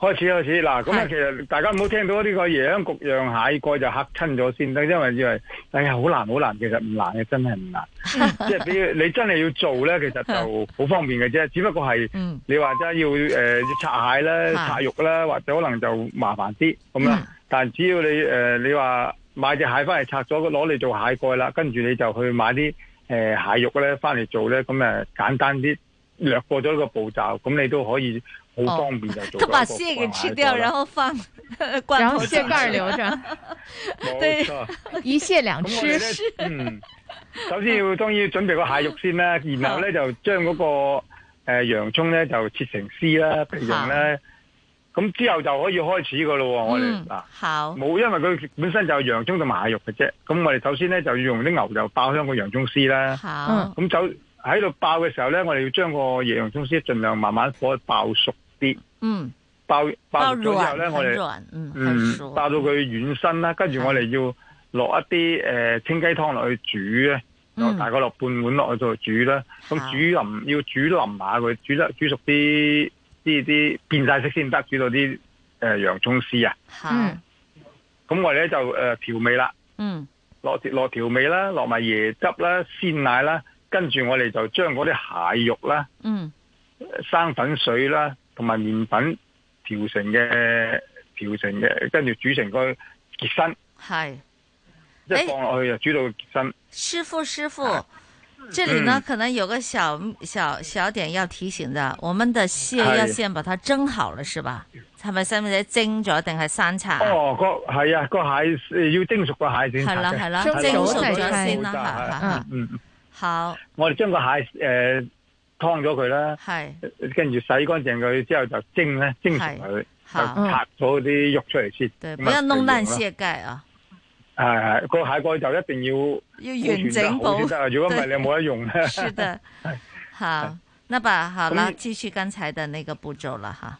開始開始嗱，咁啊，的其實大家唔好聽到呢個椰香焗釀蟹蓋就嚇親咗先。因為以為，哎呀，好難好難，其實唔難嘅，真係唔難。 即係比如你真係要做咧，其實就好方便嘅啫，只不過係、嗯、你話齋要誒、呃、拆蟹咧、拆肉咧，或者可能就麻煩啲咁樣的但係只要你誒、呃，你話買隻蟹翻嚟拆咗，攞嚟做蟹蓋啦，跟住你就去買啲誒、呃、蟹肉咧，翻嚟做咧，咁誒簡單啲，略過咗呢個步驟，咁你都可以。好方便，哦，佢把蟹給吃掉，然後放，然後蟹蓋留着，對，一蟹兩吃。嗯，首先要當然要準備個蟹肉先啦，然後咧就將嗰個誒洋蔥咧就切成絲啦，備用咧。咁之後就可以開始噶咯，我哋嗱，冇因為佢本身就係洋蔥同埋蟹肉嘅啫。咁我哋首先咧就要用啲牛油爆香個洋蔥絲啦。咁就喺度爆嘅時候咧，我哋要將個洋蔥絲盡量慢慢火爆熟。啲嗯，爆爆咗之後咧，我哋嗯嗯爆到佢軟身啦，跟住我哋要落一啲誒清雞湯落去煮咧，大概落半碗落去再煮啦。咁煮腍要煮腍下佢，煮得煮熟啲啲啲變晒色先得，煮到啲誒洋蔥絲啊。咁我哋咧就誒調味啦，嗯，落落調味啦，落埋椰汁啦、鮮奶啦，跟住我哋就將嗰啲蟹肉啦，嗯，生粉水啦。同埋麵粉調成嘅調成嘅，跟住煮成個結身，係即是放落去就煮到結身。師傅，欸，師傅，師父是這裏呢，嗯，可能有個小小小點要提醒的，我們的蟹要先把它蒸好了，是，是吧？係咪使唔使蒸咗定係生炒？哦，個係啊，個蟹要蒸熟個蟹先，係啦係啦，啊啊，蒸熟咗先啦，啊，嗯嗯，好。我哋將個蟹誒。呃劏咗佢啦，係，跟住洗乾淨佢之後就蒸咧，蒸熟佢就拆咗啲肉出嚟先，冇要弄爛蟹蓋啊！系系，個蟹蓋就一定要要完整保，如果唔係你冇得用咧。是的，吓，那吧，好啦，繼續剛才嘅呢個步驟啦，吓。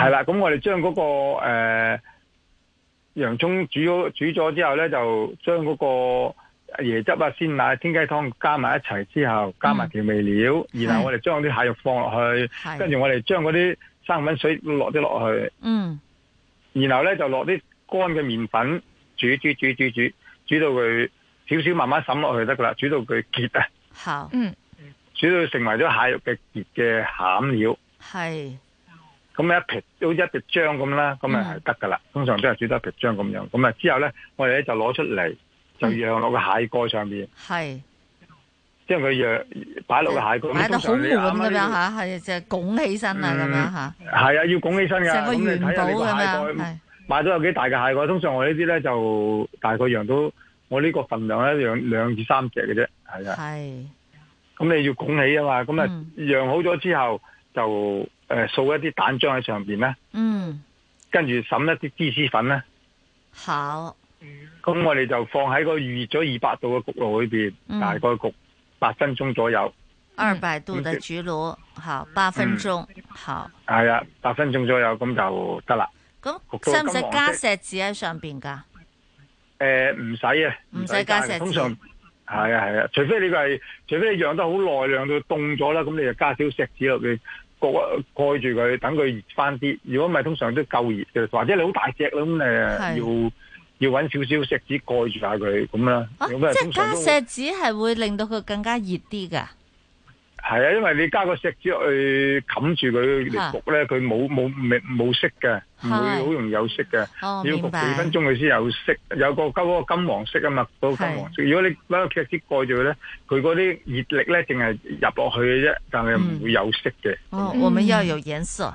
係啦，咁我哋將嗰個誒洋蔥煮咗煮咗之後咧，就將嗰個。椰汁啊、鮮奶、天雞湯加埋一齊之後，加埋調味料，嗯、然後我哋將啲蟹肉放落去，跟住的我哋將嗰啲生粉水落啲落去，嗯，然後咧就落啲乾嘅麵粉，煮煮煮煮煮，煮，煮到佢少少慢慢滲落去得噶啦，煮到佢結啊，好嗯，煮到成為咗蟹肉嘅結嘅餡料，係的，咁一撇都一皮漿咁啦，咁咪係得噶啦，通常都係煮多一皮漿咁樣，咁啊之後咧，我哋咧就攞出嚟。就釀落個蟹蓋上邊，係、嗯，將佢釀擺落個蟹蓋，擺到好滿咁樣吓，係即係拱起身啊咁樣吓。係啊，要拱起身噶。咁你睇到，你個蟹蓋買咗是有幾大嘅蟹蓋？通常我呢啲咧就大概釀到我呢個份量咧，釀兩至三隻嘅啫，係啊。係是，咁你、嗯、要拱起啊嘛，咁啊釀好咗之後就誒掃一啲蛋漿喺上邊啦。嗯，跟住沈一啲芝士粉啦。好。咁、嗯、我哋就放喺個預熱咗二百度嘅焗爐裏邊，大概焗、嗯、八分鐘左右。嗯、二百度嘅焗爐，嗯、好八分鐘，好。係啊，八分鐘、嗯、好左右咁就得啦。咁使唔使加錫紙喺上邊噶？誒、呃，唔使啊，唔使加錫紙。通常係啊係啊，除非你係，除非你養得好耐，養到凍咗啦，咁你就加少錫紙落去，蓋蓋住佢，等佢熱翻啲。如果唔係，通常都夠熱嘅，或者你好大隻咁誒要。要揾少少錫紙蓋住下佢咁啦，樣、啊啊、即係加錫紙係會令到佢更加熱啲㗎。係啊，因為你加個錫紙去冚住佢嚟的焗咧，佢冇冇冇色嘅，唔的會好容易有色嘅。哦、要焗幾分鐘佢先有色，哦、有個加個金黃色啊嘛，嗰個金黃色。的如果你揾個錫紙蓋住佢咧，佢嗰啲熱力咧淨係入落去嘅啫，但係唔會有色嘅。嗯、哦，嗯、我們要有顏色。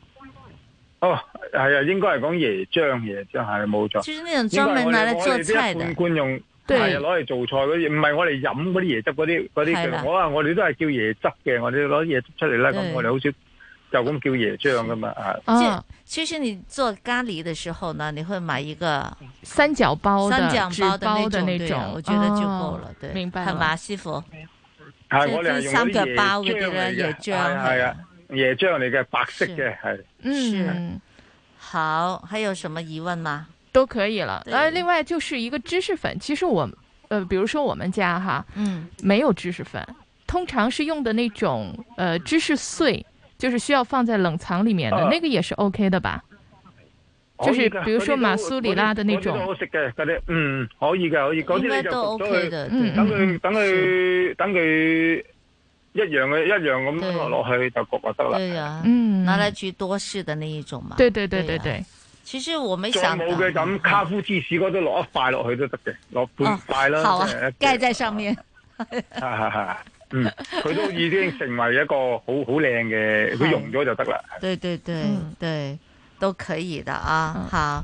哦，係啊，應該係講椰漿，椰漿係冇錯。就是呢種專門攞嚟做菜的。我哋啲罐罐用，係攞嚟做菜嗰啲，唔係我哋飲嗰啲椰汁嗰啲。啲我啊，我哋都係叫椰汁嘅，我哋攞椰汁出嚟啦。咁我哋好少就咁叫椰漿噶嘛。啊，即係其實你做咖喱嘅時候呢，你會買一個三角包三角包的那種，我覺得就夠了，對，明白。係嘛師傅，係我哋用啲椰，即係椰漿係啊。椰漿嚟嘅白色嘅係，嗯，好，還有什麼疑問嗎？都可以啦。誒，另外就是一個芝士粉，其實我，呃，比如說我們家哈，嗯，沒有芝士粉，通常是用的那種，呃，芝士碎，就是需要放在冷藏裏面的，那個也是 O K 的吧？就是，比如說馬蘇里拉的那種。好食嘅嗰啲，嗯，可以嘅，可以。應該都 O K 的，等佢，等佢，等佢。一樣嘅，一樣咁落落去就焗焗得啦。對呀，嗯。拿嚟煮多士嘅呢一種嘛。對對對對對。其實我未想。冇嘅咁，卡夫芝士嗰啲都落一塊落去都得嘅，落半塊啦。好啊。蓋在上面。係係係。嗯，佢都已經成為一個好好靚嘅，佢溶咗就得啦。對對對對，都可以嘅啊，好。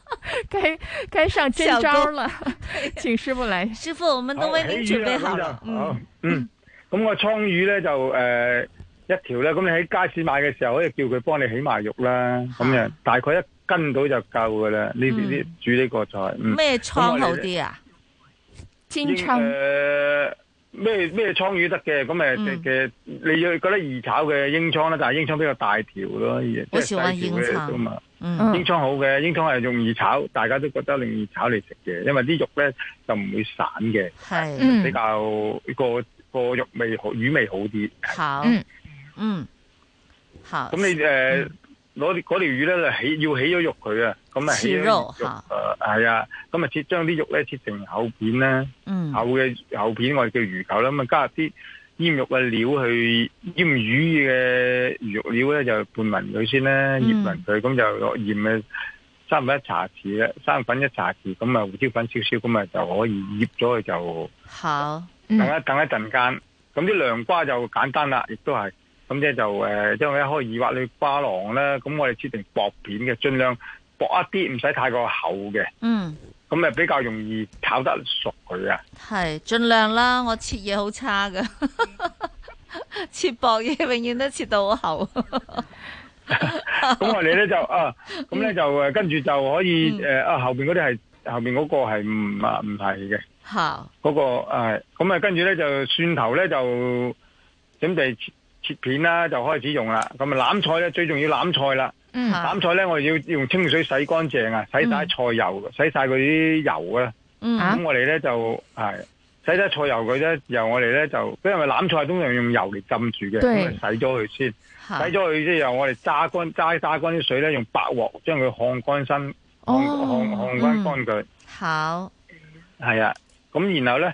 該該上真招了，哥請師傅嚟！ 師傅，我們都為你準備好了。好，嗯，咁個、嗯嗯、倉魚咧就誒、呃、一條咧，咁你喺街市買嘅時候可以叫佢幫你起埋肉啦。咁、啊、樣大概一斤到就夠噶啦。呢邊啲、嗯、煮呢個菜，咩、嗯、倉好啲啊？煎倉、嗯。咩咩倉魚、就是嗯、得嘅，咁誒嘅你要覺得易炒嘅英倉咧，但係英倉比較大條咯，而細條嘅都嘛。嗯，英倉好嘅，英倉係容易炒，大家都覺得容易炒嚟食嘅，因為啲肉咧就唔會散嘅，係是比較、嗯、個個肉味好魚味好啲。好 嗯，嗯，好。咁你誒。嗯攞條嗰條魚咧，起起就起要起咗肉佢、呃、啊，咁啊起咗肉，誒係啊，咁啊切將啲肉咧切成厚片咧，厚嘅厚片我哋叫魚球啦，咁啊加入啲醃肉嘅料去醃魚嘅魚肉料咧就拌匀佢先啦。醃匀佢，咁、嗯、就落鹽嘅三份一茶匙咧，三份一茶匙，咁啊胡椒粉少少，咁啊就可以醃咗佢就好、嗯等，等一等一陣間，咁啲涼瓜就簡單啦，亦都係。咁即係就誒，我為一開二挖你花囊啦。咁我哋切成薄片嘅，盡量薄一啲，唔使太過厚嘅。嗯。咁、嗯、啊，比較容易炒得熟佢啊。係、嗯、盡量啦，我切嘢好差噶，切薄嘢永遠都切到好厚。咁我哋咧就啊，咁咧就誒，跟住就可以誒，啊後邊嗰啲係後邊嗰個係唔啊唔係嘅。吓。嗰個誒，咁啊跟住咧就蒜頭咧就準備。切片啦就開始用啦，咁啊欖菜咧最重要欖菜啦，欖、mm hmm. 菜咧我哋要用清水洗乾淨啊，洗晒菜油，mm hmm. 洗晒佢啲油啊，咁、mm hmm. 我哋咧就係洗晒菜油佢啫，由我哋咧就，因為欖菜通常用油嚟浸住嘅，咁咪對洗咗佢先，mm hmm. 洗咗佢之後由我哋揸乾揸揸乾啲水咧，用白鑊將佢烘乾身，烘烘烘乾乾佢，好，係啊，咁、mm hmm. 然後咧。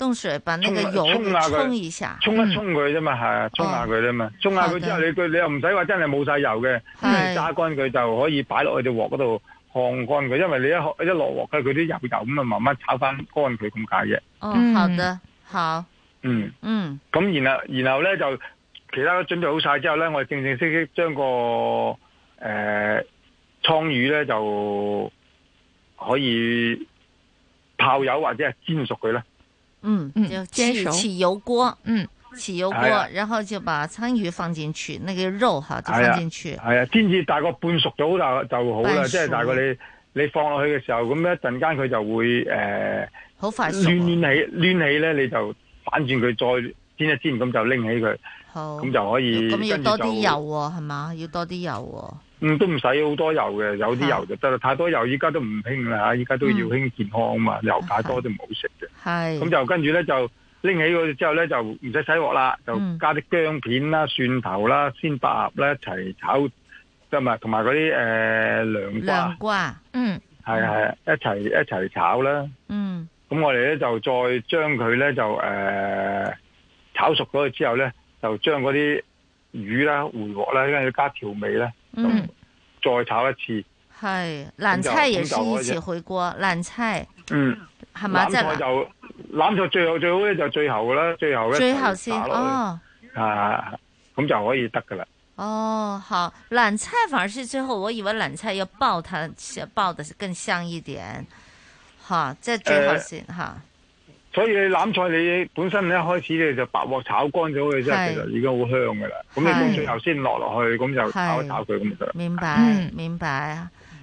凍水把那個油沖一，沖一下，沖一、嗯、沖佢啫嘛，係啊、哦，沖下佢啫嘛，沖下佢之後的你佢你又唔使話真係冇晒油嘅，揸是乾佢就可以擺落去隻鑊嗰度烘乾佢，因為你一一落鑊嘅佢啲油油咁啊，慢慢炒翻乾佢咁解啫。的哦嗯、好的，好，嗯嗯，咁、嗯嗯、然後然後咧就其他都準備好晒之後咧，我哋正正式式將個誒䱽、呃、魚咧就可以泡油或者係煎熟佢啦。嗯，就煎嗯就起起油鍋，嗯，起油鍋，啊、然後就把鯧魚放進去，那個肉哈就放進去，係啊，啊，煎至大概半熟咗就就好啦，即係熟大概你你放落去嘅時候，咁一陣間佢就會誒，呃、好快，攣起攣起咧，你就反轉佢再煎一煎，咁就拎起佢。咁好就可以，咁要，要多啲油係、啊、嘛？要多啲油，啊，嗯，都唔使好多油嘅，有啲油就得啦。是太多油，依家都唔興啦吓，依家都要興健康嘛，嗯，油太多都唔好食嘅。係是，咁就跟住咧就拎起佢之後咧就唔使洗鍋洗鑊啦，就加啲薑片啦、嗯、蒜頭啦、鮮百合啦一齊炒，同埋嗰啲誒涼涼瓜，嗯，係係一齊一齊炒啦，嗯，咁我哋咧就再將佢咧就誒、呃、炒熟咗之後咧。就將嗰啲魚啦、回鑊啦，因為要加調味咧，嗯、再炒一次。係、嗯，欖菜也是一起回鑊，欖菜。嗯，係嘛嗎？即係欖就欖菜最後，最後最好咧就最後噶啦，最後咧。最後先哦，係咁、啊、就可以得噶啦。哦，好，欖菜反而是最後，我以為欖菜要爆它，爆得更香一點。好，即係最後先吓。欸好所以你欖菜，你本身你一開始你就白鑊炒乾咗佢，之後是其實已經好香噶啦。咁是你最後先落落去，咁就炒一炒佢咁就得啦。是樣明白，是明白。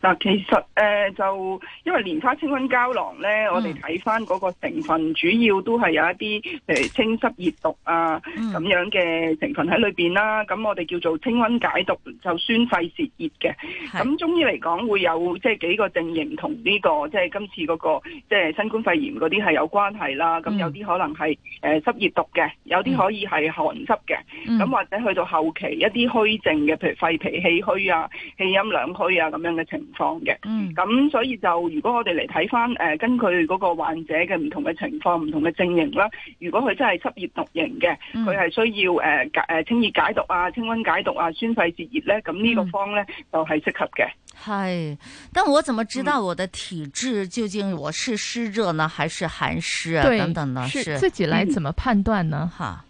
嗱，其實誒、呃，就因為蓮花清瘟膠囊咧，嗯、我哋睇翻嗰個成分，主要都係有一啲誒清濕熱毒啊咁、嗯、樣嘅成分喺裏邊啦。咁我哋叫做清瘟解毒，就宣肺泄熱嘅。咁是中醫嚟講會有即係、就是、幾個症型同呢個即係、就是、今次嗰、那個即係、就是、新冠肺炎嗰啲係有關係啦。咁有啲可能係誒濕熱毒嘅，有啲可以係寒濕嘅。咁、嗯、或者去到後期一啲虛症嘅，譬如肺脾氣虛啊、氣陰兩虛啊咁樣嘅情況。況嘅，咁、嗯、所以就如果我哋嚟睇翻誒，根據嗰個患者嘅唔同嘅情況、唔同嘅症型啦，如果佢真係濕熱毒型嘅，佢係、嗯、需要誒誒、呃呃、清熱解毒啊、清瘟解毒啊、宣肺泄熱咧，咁呢個方咧就係、是、適合嘅。係，但我怎麼知道我的體質究竟我是濕熱呢，還是寒濕、啊、對等等呢？是是自己來怎麼判斷呢？吓、嗯？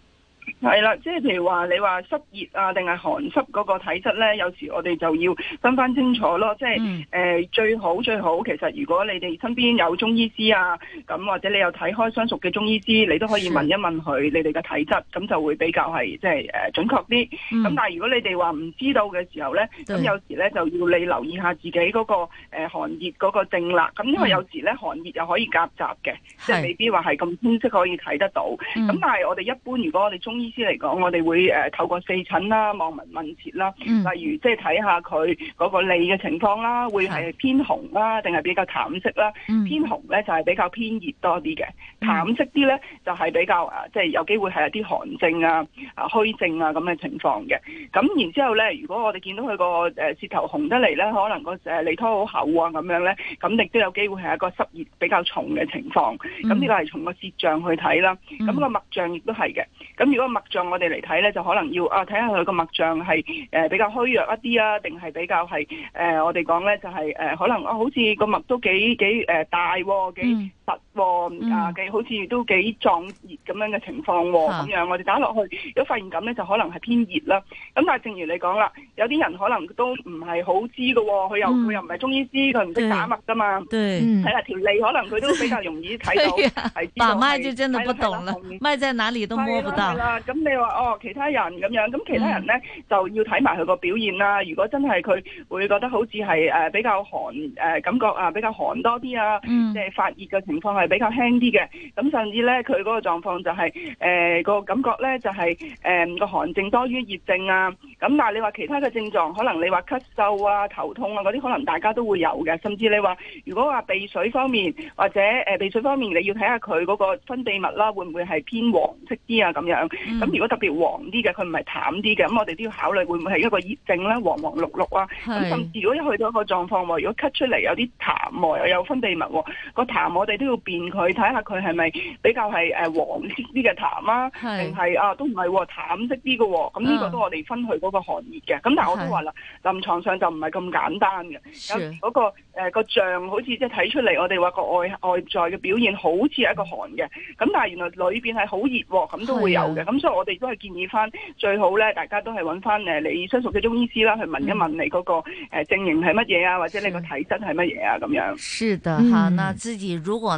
係啦，即係譬如話你話濕熱啊，定係寒濕嗰個體質咧，有時我哋就要分翻清楚咯。即係誒、嗯呃，最好最好，其實如果你哋身邊有中醫師啊，咁或者你有睇開相熟嘅中醫師，你都可以問一問佢你哋嘅體質，咁就會比較係即係誒準確啲。咁、嗯、但係如果你哋話唔知道嘅時候咧，咁對 有時咧就要你留意下自己嗰、嗰個誒、呃、寒熱嗰個症啦，咁因為有時咧寒熱又可以夾雜嘅，是即係未必話係咁清晰可以睇得到。咁、嗯、但係我哋一般，如果我哋中醫，醫師嚟講，嗯嗯、我哋會誒透過四診啦、望聞問切啦，例如即係睇下佢嗰個脷嘅情況啦，會係偏紅啦，定係比較淡色啦？嗯嗯嗯、偏紅咧就係比較偏熱多啲嘅，淡色啲咧就係比較誒即係有機會係一啲寒症啊、啊虛症啊咁嘅情況嘅。咁然之後咧，如果我哋見到佢個誒舌頭紅得嚟咧，可能個誒脷苔好厚啊咁樣咧，咁亦都有機會係一個濕熱比較重嘅情況。咁呢、嗯、個係從個舌象去睇啦，咁個脈象亦都係嘅。咁如果脈象我哋嚟睇咧，就可能要啊睇下佢個脈象係誒、呃、比較虛弱一啲啊，定係比較係誒、呃、我哋講咧就係誒可能啊好似個脈都幾幾誒大幾，呃大啊幾嗯實嘅、嗯啊，好似都幾壯熱咁樣嘅情況喎、哦，咁、啊、樣我哋打落去，如果發現咁咧，就可能係偏熱啦。咁、嗯、但係正如你講啦，有啲人可能都唔係好知㗎佢又佢、嗯、又唔係中醫師，佢唔識打脈噶嘛對。對，係啦、嗯，條脷可能佢都比較容易睇到，係知道。但係的、啊、就真係不懂啦？咪在哪裏都摸唔到。啦，咁你話哦，其他人咁樣，咁其他人咧、嗯、就要睇埋佢個表現啦。如果真係佢會覺得好似係比較寒感覺啊，比較寒多啲啊，即係、嗯、發熱嘅情況。況係比較輕啲嘅，咁甚至咧佢嗰個狀況就係誒個感覺咧就係誒個寒症多於熱症啊，咁但係你話其他嘅症狀，可能你話咳嗽啊、頭痛啊嗰啲，可能大家都會有嘅。甚至你話如果話鼻水方面或者誒、呃、鼻水方面，你要睇下佢嗰個分泌物啦，會唔會係偏黃色啲啊？咁樣，咁如果特別黃啲嘅，佢唔係淡啲嘅，咁我哋都要考慮會唔會係一個熱症咧？黃黃綠綠啊，咁甚至如果一去到一個狀況，如果咳出嚟有啲痰，又有分泌物，個痰我哋都。都辨佢睇下佢係咪比較係誒黃色啲嘅痰啊，定係啊都唔係淡色啲嘅，咁呢個都我哋分佢嗰個寒熱嘅。咁但係我都話啦，臨床上就唔係咁簡單嘅。有嗰個誒個像，好似即係睇出嚟，我哋話個外外在嘅表現好似係一個寒嘅，咁但係原來裏邊係好熱喎，咁都會有嘅。咁所以我哋都係建議翻最好咧，大家都係揾翻誒你相熟嘅中醫師啦，去問一問你嗰個誒症型係乜嘢啊，或者你個體質係乜嘢啊咁樣。是的，哈，那自己如果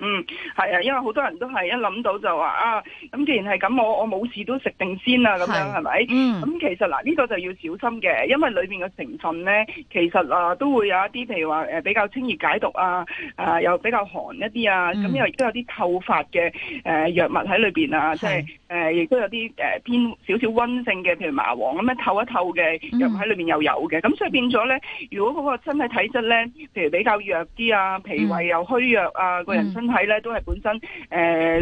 嗯，係啊，因為好多人都係一諗到就話啊，咁既然係咁，我我冇事都食定先啦，咁樣係咪？嗯，咁其實嗱，呢個就要小心嘅，因為裏面嘅成分咧，其實啊都會有一啲，譬如話誒比較清熱解毒啊，啊，又比較寒一啲啊，咁又都有啲透發嘅誒藥物喺裏邊啊，即係。是就是誒亦、呃、都有啲誒、呃、偏少少溫性嘅，譬如麻黃咁樣透一透嘅，入喺裏面又有嘅。咁所以變咗咧，如果嗰個身體體質咧，譬如比較弱啲啊，脾胃又虛弱啊，嗯、個人身體咧都係本身誒、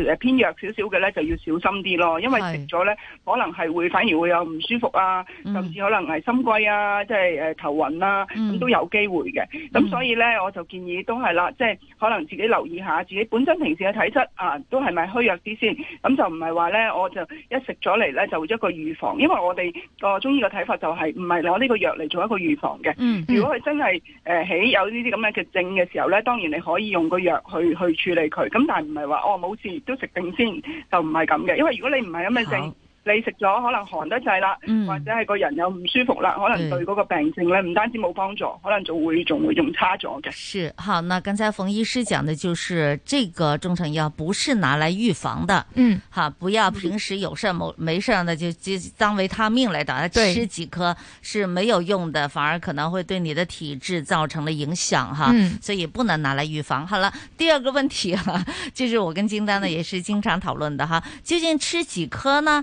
呃、偏弱少少嘅咧，就要小心啲咯。因為食咗咧，是可能係會反而會有唔舒服啊，甚至可能係心悸啊，即係誒頭暈啊，咁、嗯、都有機會嘅。咁、嗯、所以咧，我就建議都係啦，即、就、係、是、可能自己留意下自己本身平時嘅體質啊，都係咪虛弱啲先？咁就唔係話咧。我就一食咗嚟咧，就一個預防，因為我哋個中醫嘅睇法就係唔係攞呢個藥嚟做一個預防嘅。嗯嗯、如果佢真係誒起有呢啲咁樣嘅症嘅時候咧，當然你可以用個藥去去處理佢。咁但係唔係話哦冇事都食定先吃，就唔係咁嘅。因為如果你唔係咁嘅症，你食咗可能寒得滯啦，或者係個人又唔舒服啦，嗯、可能對嗰個病症呢，唔單止冇幫助，可能就會仲會用差咗嘅。是，好，那剛才馮醫師講的，就是這個中成藥不是拿來預防的。嗯，哈，不要平時有事冇、嗯、沒事的就就當維他命嚟，打對。大家吃幾顆是沒有用的，反而可能會對你的體質造成了影響。哈，嗯、所以不能拿來預防。好了，第二個問題，哈就是我跟金丹呢也是經常討論的哈，嗯、究竟吃幾顆呢？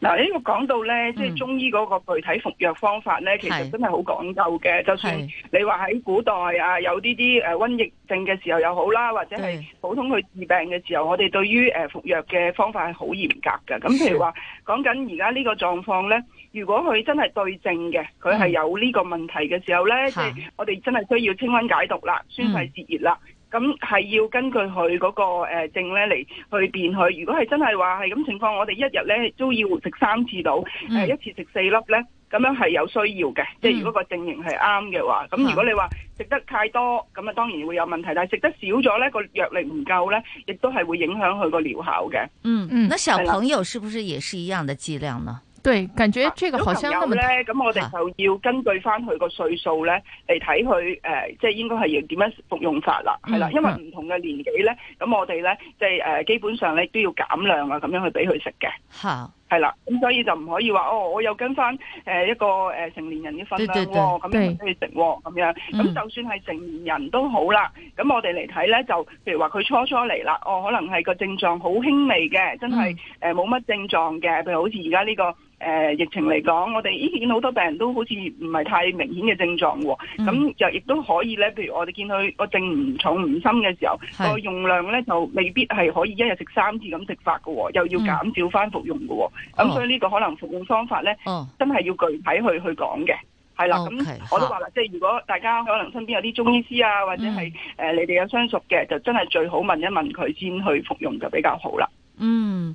嗱，這個講到呢個講到咧，即係中醫嗰個具體服藥方法咧，嗯、其實真係好講究嘅。是就算你話喺古代啊，有呢啲誒瘟疫症嘅時候又好啦，或者係普通去治病嘅時候，對我哋對於誒服藥嘅方法係好嚴格嘅。咁是譬如話講緊而家呢個狀況咧，如果佢真係對症嘅，佢係、嗯、有呢個問題嘅時候咧，即係是我哋真係需要清瘟解毒啦，宣肺節熱啦。咁係、嗯嗯、要根據佢嗰個症咧嚟去變佢。如果係真係話係咁情況，我哋一日咧都要食三次到、呃，一次食四粒咧，咁樣係有需要嘅。嗯、即係如果個症型係啱嘅話，咁、嗯、如果你話食得太多，咁啊當然會有問題。但係食得少咗咧，個藥力唔夠咧，亦都係會影響佢個療效嘅。嗯嗯，那小朋友是不是也是一樣的劑量呢？對，感覺呢個好像咁咧，咁我哋就要根據翻佢個歲數咧嚟睇佢誒，即係應該係要點樣服用法啦，係啦、嗯，因為唔同嘅年紀咧，咁、嗯、我哋咧即係誒、呃，基本上咧都要減量啊，咁樣去俾佢食嘅，係啦、啊，咁所以就唔可以話哦，我又跟翻誒一個誒成年人嘅份量咁樣去食喎、哦，咁、嗯、樣，咁、嗯、就算係成年人都好啦，咁我哋嚟睇咧，就譬如話佢初初嚟啦，哦，可能係個症狀好輕微嘅，真係誒冇乜症狀嘅，譬如好似而家呢個。誒、呃，疫情嚟講，我哋依見好多病人都好似唔係太明顯嘅症狀喎、哦，咁、嗯、就亦都可以咧。譬如我哋見佢個症唔重唔深嘅時候，是個用量咧就未必係可以一日食三次咁食法噶、哦，又要減少翻服用噶、哦。咁、嗯、所以呢個可能服用方法咧，哦、真係要具體去去講嘅。係啦、哦，咁 okay, 我都話啦，即係如果大家可能身邊有啲中醫師啊，或者係誒、嗯呃、你哋有相熟嘅，就真係最好問一問佢先去服用就比較好啦。嗯。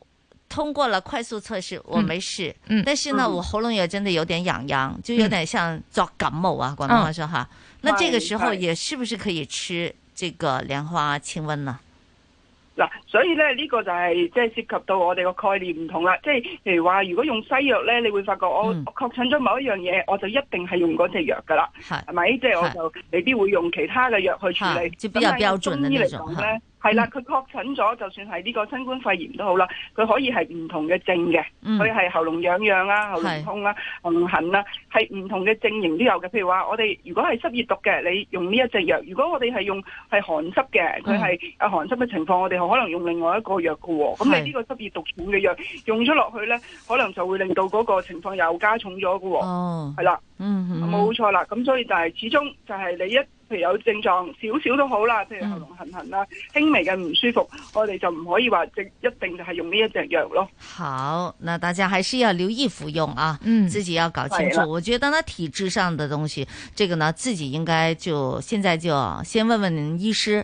通過了快速測試，我沒事，嗯、但是呢，嗯、我喉嚨也真的有點癢癢，嗯、就有點像作感冒啊，廣東話說哈。嗯、那這個時候也是不是可以吃這個蓮花清瘟呢？嗱、嗯，所以呢，呢個就係即係涉及到我哋個概念唔同啦。即係譬如話，如果用西藥呢，你會發覺我我確診咗某一樣嘢，我就一定係用嗰隻藥噶啦，係咪？即係我就未必會用其他嘅藥去處理。就比較標準嘅那種、嗯係啦，佢確診咗，就算係呢個新冠肺炎都好啦，佢可以係唔同嘅症嘅，佢係、嗯、喉嚨癢癢啊，喉嚨痛啦、啊，是喉嚨痕啦、啊，係唔同嘅症型都有嘅。譬如話，我哋如果係濕熱毒嘅，你用呢一隻藥；如果我哋係用係寒濕嘅，佢係啊寒濕嘅情況，我哋可能用另外一個藥㗎喎。咁、嗯、你呢個濕熱毒重嘅藥是用咗落去咧，可能就會令到嗰個情況又加重咗㗎喎。係啦，冇錯啦。咁所以就係、是、始終就係你一。譬如有症狀少少都好啦，譬如喉嚨痕痕啦，輕、嗯、微嘅唔舒服，我哋就唔可以話即一定就係用呢一隻藥咯。好，那大家還是要留意服用啊，嗯、自己要搞清楚。的我覺得呢體質上的東西，這個呢自己應該就現在就先問問醫師。